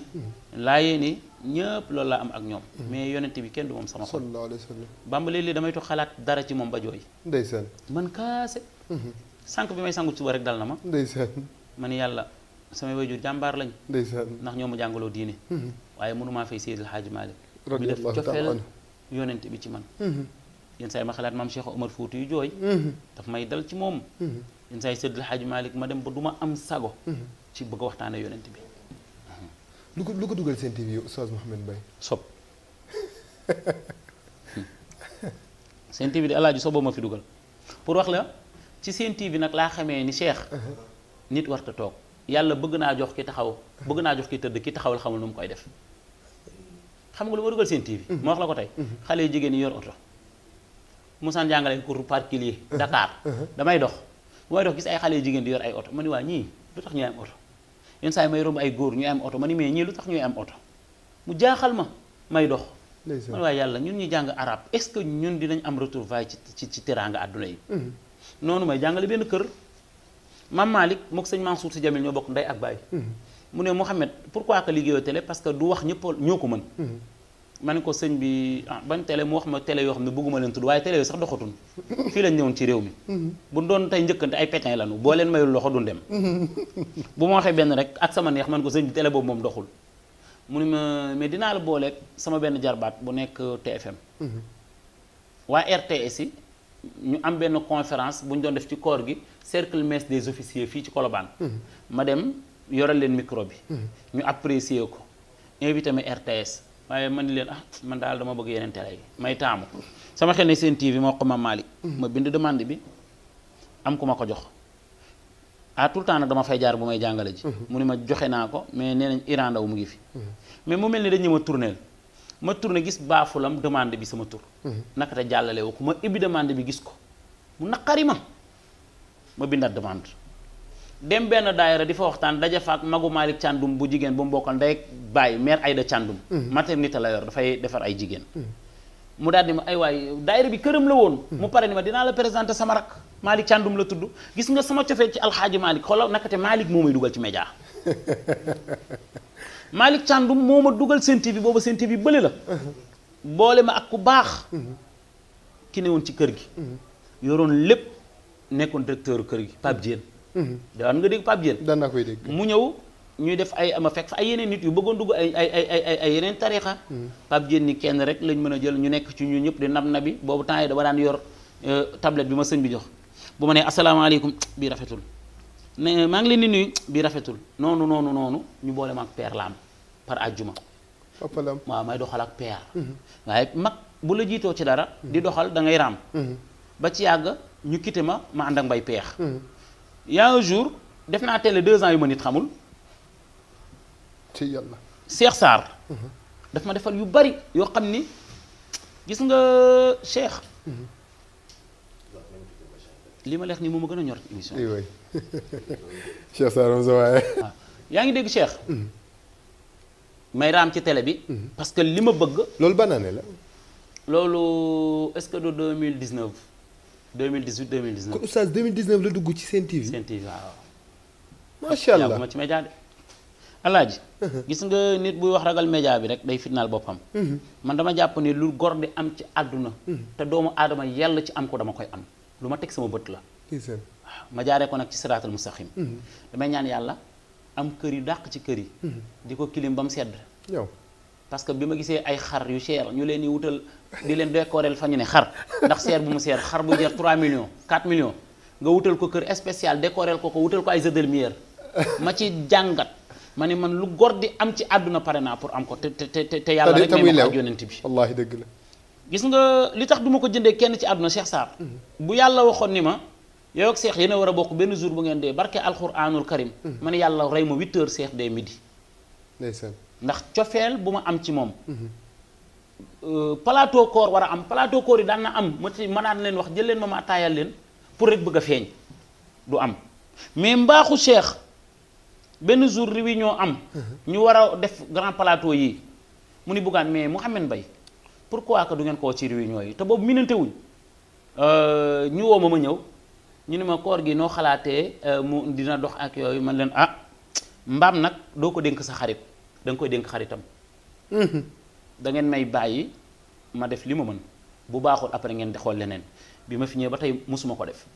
laayeen yi ñëpp loolu laa ak ñoom. mais yonent bi kenn du sama xol. sallallahu alayhi wa sallam. Bamba damay toog xalaat dara ci moom ba jooy. ndeysaan man kaase. sànq bi may sangu suba rek dal na ma. ndeysaan man yàlla. samay wayjur jàmbaar lañ ndax ñoo ma jàngaloo diine mhm. waaye mënumaa fay Seydil xaaju Malick bi def cofeel yonent bi ci man mhm. yenn saa yi ma xalaat maam Cheikh Omar Fouti yu jooy mhm. daf may dal ci moom yenn saa yi Seydil Hadji Malick ma dem ba du ma am sago ci bëgg a waxtaane yonent bi lu ko lu ko dugal seen TV Oustaz Mouhamed Mbaye sob [LAUGHS] seen TV di alaaju soboo ma fi dugal pour wax la ci seen TV nag laa xamee ni Cheikh nit warta toog yàlla bëgg naa jox ki taxaw bëgg naa jox ki tëdd ki taxawal xamul nu mu koy def xam nga lu ma dugal seen TV. Mhm. wax la ko tey mhm. xale jigéen yi yor oto musaan jàngale cours particulier Dakar [LAUGHS] uh-huh. damay dox bu may dox gis ay xale jigéen di yor ay oto ma ni waa ñii lu tax ñuy am oto yenn saa yi may romb ay góor ñuy am ma ni mais ñii lu tax ñuy am oto mu jaaxal ma may dox man waaye yàlla ñun ñu jàng arab est-ce que ñun dinañ am retrouvailles ci ci ci teraanga àdduna yi mhm. noonu may jàngale benn kër Mame malik mook sëñ Mansour Sy Djamil ñoo bokk ndey ak baay mu ne Mouhamed pourquoi que liggéeyoo télé parce que du wax ñëpp ñoo ko mën ma ne ko sëñ bi ah ban télé mu wax ma télé yoo xam ne bëgguma leen tudd waaye télé yoo sax doxatun fii lañ ñëwoon ci réew mi bu doon tey njëkkante ay pétin lanu boo leen mayul loxo du dem bu ma waxee benn rek ak sama neex man ko sëñ bi télé boobu moom doxul mu ne ma mais dinaa la booleeg sama benn jarbaat bu nekk TFM waa RTS yi ñu am benn conférence bu ñu doon def ci koor gi cercle mess des officiers fii ci Colobane mhm. ma dem yoral leen micro bi mhm. ñu apprécier ko invité ma RTS waaye man leen ah man daal dama bëgg yeneen télé yi may taamu sama xel ne seen TV moo ko ma Malick mhm. ma bind demande bi am ku ma ko jox ah tout le temps dama fay jaar bu may jàngale ji mu ne ma joxe naa ko mais nee nañ Iran Ndaw mu ngi fi mais mu mel ni dañu ma tourneel ma tourné gis baafulam demande bi sama tur naka te jàllale ko ma ibbi demande bi gis ko mu naqari ma ma bindaat demande dem benn daayira di fa waxtaan daje fa ak magu Malick càndum bu jigéen bu mu bokkal ndey bàyyi mère Aïda Thiandoum mm-hmm. maternité la yor dafay defar ay jigéen mm-hmm. mu daal di ma ay waay daayira bi këram la woon mu mm-hmm. pare ni ma dinaa la présenter sama rak Malick càndum la tudd gis nga sama cofee ci alxaaji Malick xoolal nakate Malick moo may dugal ci média [LAUGHS] Malick Thiandoum moo ma dugal Sen TV booba Sen TV bële la boole ma ak ku baax ki ne woon ci kër gi lépp nekkoon directeur kër gi Pape Diène. Mhm. daan nga dégg Pape Diène. mu ñëw. ñuy def ay ama fekk fa yeneen nit yu bëggoon ay ay ay ay yeneen tarixa mhm. kenn rek lañ mën a jël ñu nekk ci ñu ñëpp di nab nabi boobu temps yi daan yor euh, tablette bi ma sëñ bi jox bu ma nee asalaamaaleykum bii rafetul ne maa ngi leen di nuyu bii rafetul noonu noonu noonu ñu boole ak père laam par àjjuma waaw may doxal ak père mhm. waaye mag bu la jiitoo ci dara di doxal da ngay raam ba ci yàgg ñu quitté ma ma hmm. Il ak y a un jour def télé deux ans yu nit xamul. Cheikh Sarr. Hmm. daf ma defal yu bari gis nga Cheikh. Cher? Hmm. ñor [LAUGHS] Cheikh hein. ah. ngi dégg Cheikh. may ram ci télé bi. parce que lima bëgg. banane la. est-ce que do 2019 2018 2019 kon oustaz 2019 la dugg ci Sen TV. Sen TV waaw. macha allah yàgguma ci média de. alaaji uh-huh. gis nga nit buy wax ragal média bi rek day fitnaal boppam. Uh-huh. man dama jàpp ne lu gor di am ci àdduna. Uh-huh. te doomu aadama yàlla ci am ko dama koy am lu ma teg sama bët la. waaw ma jaaree ko nag ci siraatal mustaqim damay ñaan yàlla am kër yi dàq ci kër yi. di ko kilim ba mu sedd. parce que bi ma gisee ay xar yu cher ñu leen di wutal di leen décoreel fa ñu ne xar ndax cher bu mu cher xar bu jar 3 millions 4 millions nga wutal ko kër spécial décoreel ko ko wutal ko ay jeux de lumière ma ci jàngat ma ne man lu gor di am ci àdduna pare naa pour am ko te te te te yàlla rek may ma ko yonent bi wallaahi la gis nga li tax du ma ko jëndee kenn ci àdduna Cheikh Sarr mhm. bu yàlla waxoon ni ma yow ak Cheikh yéen war a bokk benn jour bu ngeen dee barke alxuraanul karim mhm. ma ne rey ma 8 heures Cheikh midi ndax cofeel bu ma am ci moom euh, plateau koor war a am plateau koor yi daan na am ma ci mënaan leen wax jël leen ma ma attaayal leen pour rek bëgg a feeñ du am mais mbaaxu cheikh benn jour réunion am ñu war a def grand palaato yi mu ni buggaan mais mu Mouhamed Mbaye pourquoi que du ngeen koo ci réunion yi te boobu minante wuñ euh, ñu woo ma ma ñëw ñu ne ma koor gi noo xalaatee euh, mu dina dox ak yooyu man leen ah mbaam nag doo ko dénk sa xarit da nga koy dénk xaritam. Mm-hmm. da may bàyyi ma def li ma mën bu baaxul après ngeen di leneen bi ma fi ñëwee ba tey mosuma ko def.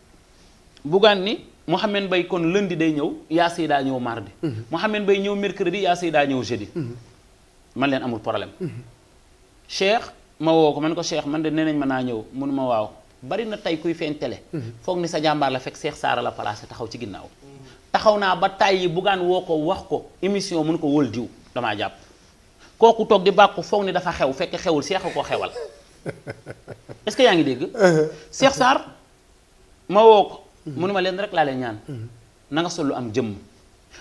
Bougane ni Mouhamed bay kon lundi day ñëw yaa sey daa ñëw mardi. Mm-hmm. Mouhamed bay ñëw mercredi yaa sey daa ñëw jeudi. Mm-hmm. man leen amul problème. Cheikh ma woo ko man ko Cheikh man de nee nañ ma naa ñëw mun ma waaw bari na tey kuy feeñ télé. foog ni sa jàmbaar la fekk seex Saara la placé taxaw ci ginnaaw. taxaw naa ba tàyyi Bougane woo dama japp koku tok di bakku fogg ni dafa xew fekk xewul cheikh ko xewal [LAUGHS] est ce yaangi deg cheikh uh-huh. sar ma woo uh-huh. munuma len rek la lay ñaan uh-huh. na nga solo am jëm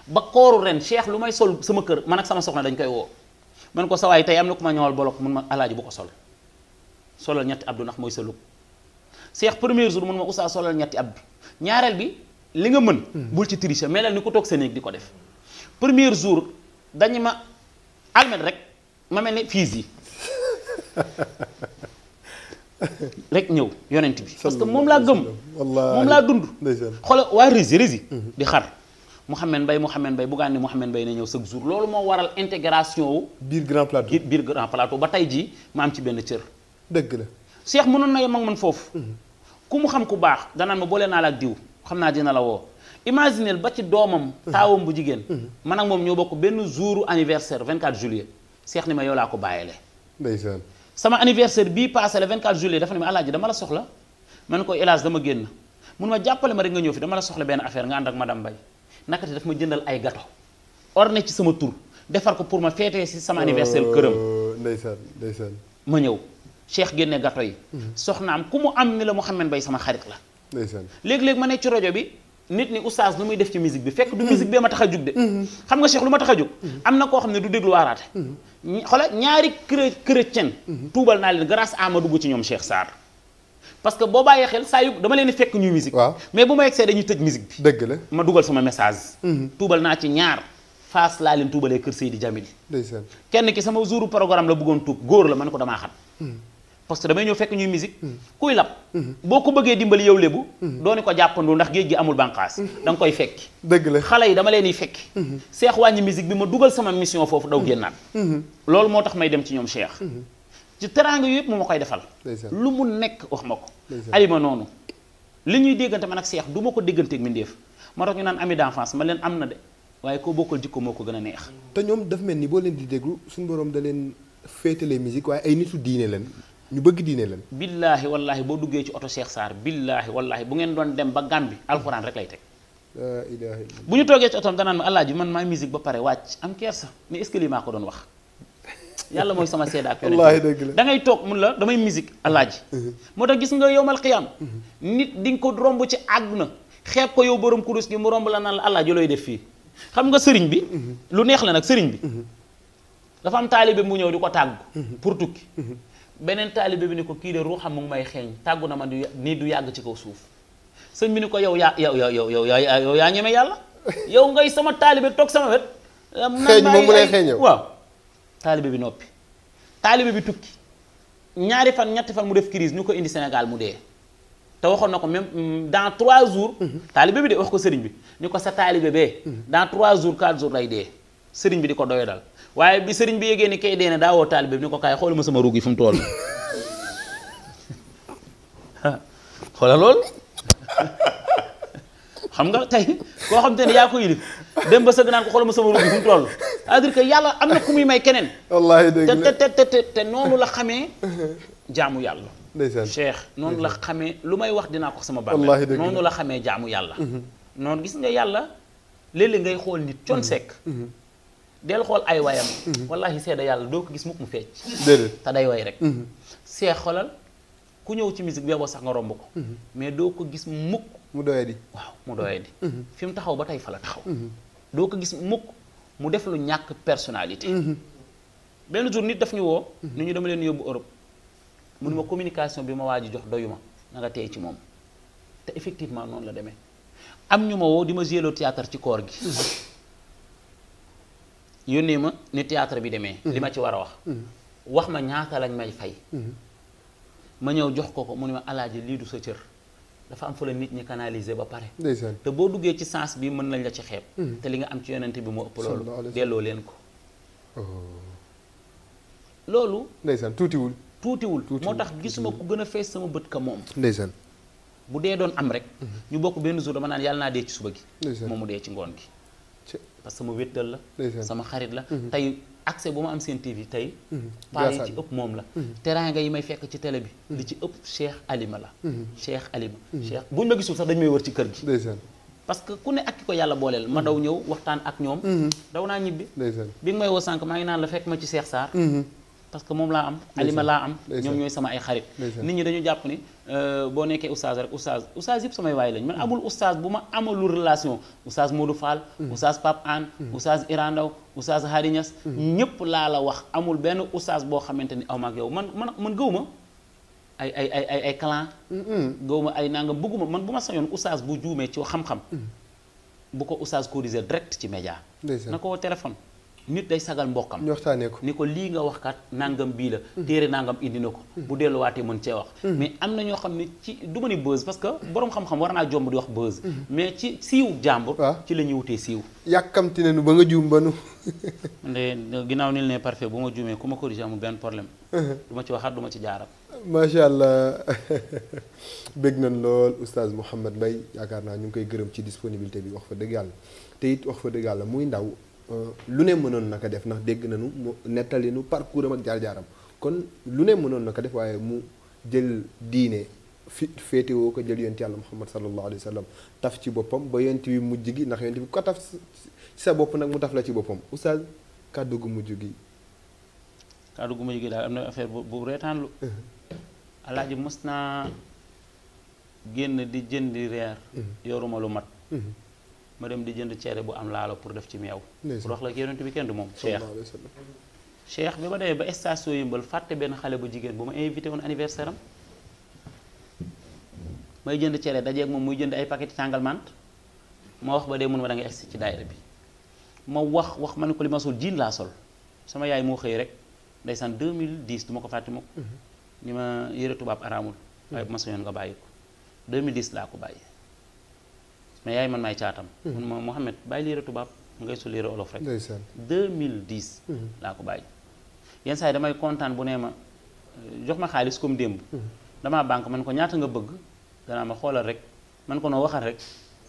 ba kooru ren cheikh lu may sol sama kër man ak sama soxna dañ koy wo man ko saway tay am na ku ma ñëwal bolok munuma alaaji bu ko sol solal ñetti abdou nak moy solo cheikh premier jour munuma oustad solal ñetti abdou ñaaral bi li nga mën hmm. bul ci tricher melal ni ku tok sa diko def premier jour dañu ma almet rek ma mel ni fiis [LAUGHS] yi rek ñëw yonent bi parce que moom laa gëm moom laa dund xoolal waa rési rési mhm. di xar Mouhamed Mbaye Mouhamed Mbaye Bougane ni Mouhamed Mbaye na ñëw chaque jour loolu moo waral intégration wu biir grand plateau biir grand ba tey jii ma am ci benn cër dëgg la Cheikh mënoon na yem ak man foofu mhm. ku mu xam ku baax danaan ma boole naa la diw xam naa dina la woo imaginez ba ci doomam taawam bu jigéen man ak moom ñoo bokk benn jour anniversaire 24 juillet seex ni ma yow laa ko bàyyile ndeysaan sama anniversaire bii passé le 24 juillet dafa ne ma alaaji dama la soxla man ko hélas dama génn mun ma jàppale ma rek nga ñëw fi dama la soxla benn affaire nga ànd ak madame Mbaye nakati daf ma jëndal ay gâteau orné ci sama tur defar ko pour ma feetee si sama anniversaire këram ndeysaan ndeysaan ma ñëw cheikh génne gâteau yi soxnaam ku mu am ni la Mouhamed Mbaye sama xarit la ndeysaan léeg-léeg ma ci rajo bi nit ni oustaz numuy def ci musique bi fekk du musique bee ma taxaju de xam nga Cheikh luma taxaju amna ko xamne du déglu waaraate xola ñaari chrétien toubal na len grâce à ma dugg ci ñom Cheikh sar parce que bo baye xel saa yu dama len fekk ñu musique mais buma ma dañuy tëj musique bi deug la ma duggal sama message toubal na ci ñaar fas la len toubalé keur Seydi Jamil kenn ki sama jouru programme la bëggon tuub góor la man ko dama xat parce que damay ñëw fekk ñuy musique hmm. kuy lab hmm. boo ko bëggee dimbali yow lébu hmm. dooni ko jàppandu ndax géej gi amul bànqaas da koy fekki dëgg la xale yi dama leen di fekki seex wàññi musique bi ma dugal sama mission foofu daw génnaat loolu moo tax may dem ci ñoom seex ci teraanga yooyu yëpp mu ma koy defal lu mu nekk wax ma ko alima noonu li ñuy déggante man ak seex du ma ko déggante ak mbindéef moo tax ñu naan ami d'enfance ma leen am na de waaye koo bokkal jikko moo ko gën a neex te ñoom daf mel ni boo leen di déglu suñu borom da leen féetale musique waaye ay nitu ñu bëgg diine lan billaahi wallaahi boo duggee ci oto Cheikh Sarr billaahi wallaahi bu ngeen doon dem ba Gàmbi alxuraan rek lay teg bu ñu toogee ci otoom danaan ma alaaji man maa musique ba pare wàcc am kersa mais est-ce maa ko doon wax [LAUGHS] yàlla mooy sama seede ak dëgg la da ngay toog mun la damay musique alaaji uh-huh. moo tax gis nga yowmal xiyaam uh-huh. nit di nga ko romb ci àdduna xeeb ko yow borom kurus gi mu romb la naan la alaaji looy def fii xam nga sëriñ bi uh-huh. lu neex la nag sëriñ bi dafa am mu ñëw di ko tàggu pour tukki beneen taalibe bi ni ko kii de ruuxam mu ngi may xeeñ tàggu na ma ni du yàgg ci kaw suuf sëñ bi ni ko yow yaa yow yow yow yow yaa ñëmé yàlla yow ngay sama talibé toog sama wet. Eh, xeeñ mo mu lay yow waaw. taalibe bi noppi taalibe bi tukki ñaari fan ñetti fan mu def crise ñu ko indi Sénégal mu dé te waxoon na ko même mm, dans 3 jours. Mhm. taalibe bi de wax ko señ bi ni ko sa taalibe bé mhm. dans 3 jours 4 jours lay dé señ bi di ko waye bi serigne bi yegene kay deena da wo talib bi niko kay kaay ma sama rugi fum fu mu toll xoola lool xam nga tay ko xam tane ya ko yilif dem ba seug nan ko xool ma sama rugi fum fu mu toll cest dire que yàlla amna kumuy may kenen wallahi deug la te te te te nonu la xame jaamu yàlla ndeysaan cheikh nonu la xame lumay wax dina ko sama bàmmeel nonu la xame jaamu yàlla non gis nga yalla lele ngay xol nit con sek del xool ay wayam mhm. wallahi seeda yàlla doo ko gis mukk mu fecc te day way rek mhm. see xolal ku ñëw ci musique bee sax nga romb ko mhm. mais doo ko gis mukk mu doye di waaw mu doye fi mu taxaw ba tey fa taxaw doo ko gis mukk mu def lu ñàkk personnalité benn jour nit daf ñu woo ni ñu dama leen yóbbu Europe mun ma communication bi ma waa ji jox doyuma na tey ci moom te effectivement noonu la demee am ñu ma woo di ma gélo théâtre ci koor gi yónnee ma ni théâtre bi demee mhm. li ma ci war a wax mhm. wax ma ñaata lañ may fay mhm. ma ñëw jox ko ko mu ne ma alaaji lii du sa cër dafa am fa la nit ñi canaliser ba pare te boo duggee ci sens bi mën nañ la ci xeeb te li nga am ci yonent bi moo ëpp loolu delloo leen ko oh. loolu ndeysaan tuutiwul tuutiwul moo tax gisuma ku gën a fees sama bët ka moom ndeysaan bu dee doon am rek ñu bokk benn jour dama naan yàlla naa dee ci suba gi moom mu dee ci ngoon gi parce que je suis la. je suis la. je tey accès bu ma là, je suis là, je suis là, je suis la. je suis là, je suis là, je suis là, je suis là, je suis la. Cheikh Alima. Cheikh buñ ma gisul sax dañ may wër ci kër gi. parce que ku ne ak ki ko yàlla booleel. ma daw ñëw waxtaan ak ñoom. daw naa ñibbi. bi nga may woo sànq maa ngi naan la fekk ma ci Cheikh Sarr. parce que moom laa am alima laa am ñoom ñooy sama ay xarit nit ñi dañu jàpp ni boo nekkee oustaz rek oustaz oustaz yëpp samay way lañ man amul oustaz buma amul relation oustaz Modou Fall oustaz pap an oustaz Irandaw oustaz harignas ñépp la la wax amul ben oustaz bo xamanteni ni aw ma ak yow man man man gëw ay ay ay ay ay clan gëw ay nangam bëgguma man buma sañon oustaz bu juume ci xam-xam bu ko oustaz corriger direct ci média nako téléphone nit day sagal mbokkam ñu waxtaanee ko ni ko lii nga wax kat nangam bii la mm-hmm. téere nangam indi na ko mm-hmm. bu delluwaatee mën cee wax mm-hmm. mais am na ñoo xam ne ci du ma ni buzz parce que borom xam-xam war naa jomb di wax buzz mais ci siiw jàmbur ci la ñuy wutee siiw yàkkamti nu ba nga juum ba nu [LAUGHS] nde ginnaaw nil ne parfait bu ma juumee ku ma corrigé amul benn problème uh-huh. duma ci waxaat du ma ci jaarat macha allah [LAUGHS] bëgg nañ lool oustaz Mouhamed Mbaye yaakaar naa ñu ngi koy gërëm ci disponibilité bi wax fa dëgg yàlla dëgg yàlla muy ndaw Euh, lu ne mënoon nag ko def ndax dégg nañu mu nettali nu parcours am ak jaar-jaaram kon lu ne mënoon na ko def waaye mu jël diine fi féetewoo ko jël yonent yàlla muhammad sallallahu alayhi wa sallam taf ci boppam ba yonent bi mujj gi ndax yonent bi ko taf sa bopp nag mu taf la ci boppam oustaz kàddu gu mujj gi kàddu gu mujj gi daal am na affaire bu reetaanlu alaaji mos naa génn di jëndi reer yoruma lu mat ma dem di jënd cere bu am laalo pour def ci meew pour wax la yonent bi kenn du moom cheikh cheikh bi ma demee ba station yëmbal fàtte benn xale bu jigéen bu ma invité woon anniversaire am may jënd cere dajeeg moom muy jënd ay paquet tàngal mant ma wax ba dee mun ma da nga egsi ci daayira bi ma wax wax ma ne ko li ma sol jiin laa sol sama yaay moo xëy rek ndeysaan 2010 du ma ko fàtte mukk mhm. ni ma yëre tubaab araamul waaye bu ma soñoon nga bàyyi ko laa ko bàyyi mais yaay man maay caatam. Mhm. mun ma Mouhamed bàyyi liire tubaab ngay su liire olof rek. mille 2010. Mhm. laa ko bàyyi yenn saa yi damay kontaan bu nee ma euh, jox ma xaalis comme démb. Mhm. damaa banque man ko ñaata nga bëgg danaa ma xoolal rek man ko noo waxal rek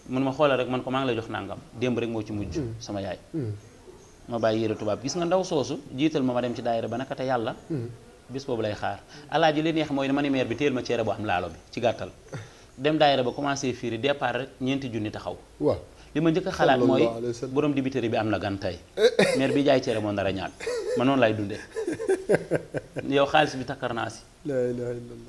mun ma xoolal rek man ko maa ngi lay jox nangam démb rek moo ci mujj. sama yaay. ma bàyyi yére tubaab gis nga ndaw soosu jiital ma ma dem ci daayira ba naka te yàlla. bis boobu lay xaar alaaji li neex mooy dama ne bi téel ma ceere bu am laalo ci gàttal. [LAUGHS] dem daayira ba commencé fiiri départ rek ñeenti junni taxaw waaw li ma njëkk xalaat mooy borom dibiteri bi am na gan tey eh. [LAUGHS] bi jaay cere moo nar a ñaan ma noonu lay dundee [LAUGHS] yow xaalis bi takkar naa si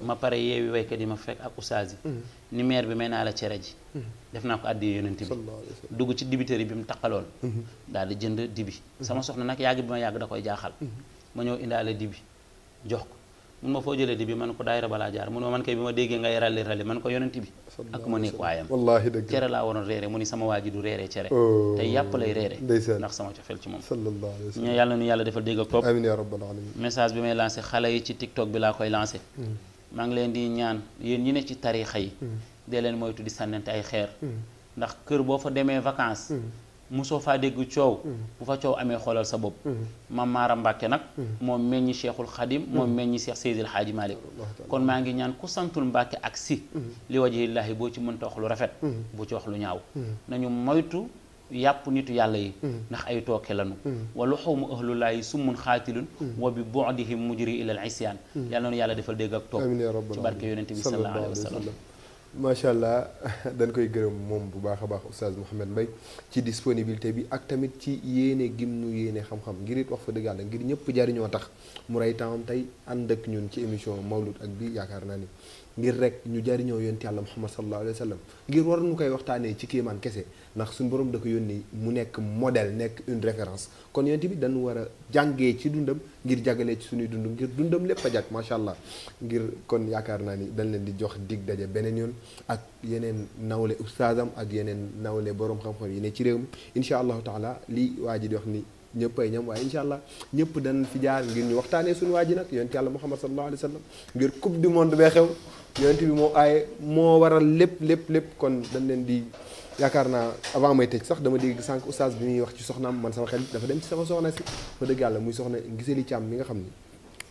ma pare yee waykat yi ma fekk ak oustaz yi mm-hmm. ni maire bi may naa la cere ji mm-hmm. def naa ko àddi yonent bi dugg ci dibiteri bi mu takkaloon mm-hmm. daal di jënd dibi sama soxna nag yàgg bi ma yàgg da koy jaaxal ma ñëw indaale dibi jox ko mun ma foo jëlee bi man ko daayira balaa jaar mun man kay bi ma déggee ngay ralli ralli man ko yonent bi ak ma nekk waayam cere laa waroon reere mu ni sama waa du reere cere oh. te yàpp lay reere ndax sama cofeel ci moom sallallahu wa sallam yàlla nu yàlla defal dégg ak topp amiin yaa rabbal alamin message bi may lancé xale yi ci tiktok bi laa koy lancé mm. maa ngi leen di ñaan yéen ñi ne ci tariixa yi mm. dee leen moytu di sànnante ay xeer mm. ndax kër boo fa demee vacances mosoo faa dégg coow mm-hmm. bu fa coow amee xoolal sa bopp mm-hmm. maam Maara Mbàkke nag mm-hmm. moom meññi Cheikhul Xadim moom meññi seex Seydil Xaaji Malik kon maa ngi ñaan ku santul Mbàkke ak si li wajhillaahi boo ci mënta wax lu rafet bu ci wax lu ñaaw nañu moytu yàpp nitu yàlla yi ndax ay tooke lanu wa luxuumu ahlulaahi summun xaatilun wa bi bu'dihim mujri ila al isyaan yàlla noonu yàlla defal dégg ak toog ci barke yonente bi sallallahu alayhi wa sallam macha allah [LAUGHS] dañ koy gërëm moom bu baax a baax oustaz Mouhamed Mbaye ci disponibilité bi ak tamit ci yéene gim nu yéene xam-xam ngir it wax fa dëgg yàlla ngir ñëpp jariñoo tax mu rey tempsam tey ànd ak ñun ci émission Mawlud ak bi yaakaar naa ni ngir rek ñu jariñoo yonent yàlla Muhammad sallallahu alayhi wa sallam ngir war nu koy waxtaanee ci kiimaan kese ndax suñu borom da ko yónni mu nekk modèle nekk une référence kon yonent bi dañu war a jàngee ci dundam ngir jagalee ci suñuy dund ngir dundam lépp a jag macha allah ngir kon yaakaar naa ni dañ leen di jox dig daje beneen yoon ak yeneen nawle ustaazam ak yeneen nawle borom xam-xam yi ne ci réew mi incha allahu taala lii waa ji di wax ni ñëpp ay ñam waaye incha allah ñëpp dañ fi jaar ngir ñu waxtaanee suñu waa ji nag yonent yàlla muhammad sallallahu alayhi wa sallam ngir coupe du monde bee xew yonent moo aaye moo waral lépp lépp lépp kon dañ leen di yaakaar avant may tëj sax dama dégg sank oustaz bi muy wax ci soxnam man sama xel dafa dem ci sama soxna ci fa deug yàlla muy soxna Giseli Thiam mi nga xam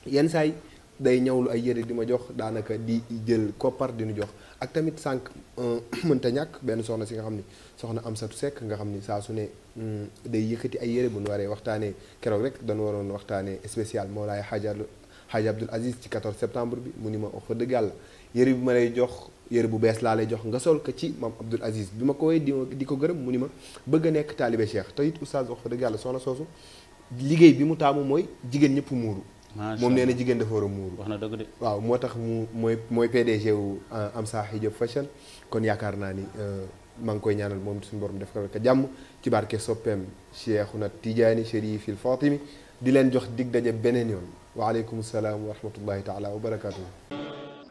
yeen say day ñewlu ay yére di ma jox danaka di jël copar di ñu jox ak tamit sank mën ta ñak ben soxna ci nga xam ni soxna Amsatou sek nga xamni sa su ne day yëkëti ay yére bu ñu waré waxtané kérok rek dañu waron waxtané spécial Mawlaay Xaaja Xaaja Abdul Aziz ci 14 septembre bi mu ni ma wax fa dëgg yàlla yére bi ma lay jox yére bu bees laa lay jox nga sol ko ci maam Abdoul Aziz bi ma ko woy di ko gërëm mu ni ma bëgg a nekk taalibe Cheikh te it oustaz wax fa dëgg yàlla soxna soosu liggéey bi mu taamu mooy jigéen ñëpp muuru moom nee na jigéen dafa war a muuru wax na dëgg waaw moo tax mu mooy mooy PDG wu euh, am saa hijab fashion kon yaakaar naa ni euh, maa ngi koy ñaanal moom suñu borom def ko jàmm ci barke soppeem Cheikhuna Tidiane Chérifil Fatimi di leen jox dig daje beneen yoon waaleykum salaam wa rahmatullahi taala wa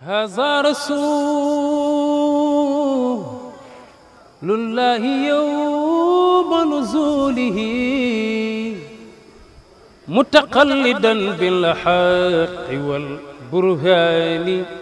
هذا رسول الله يوم نزوله متقلدا بالحق والبرهان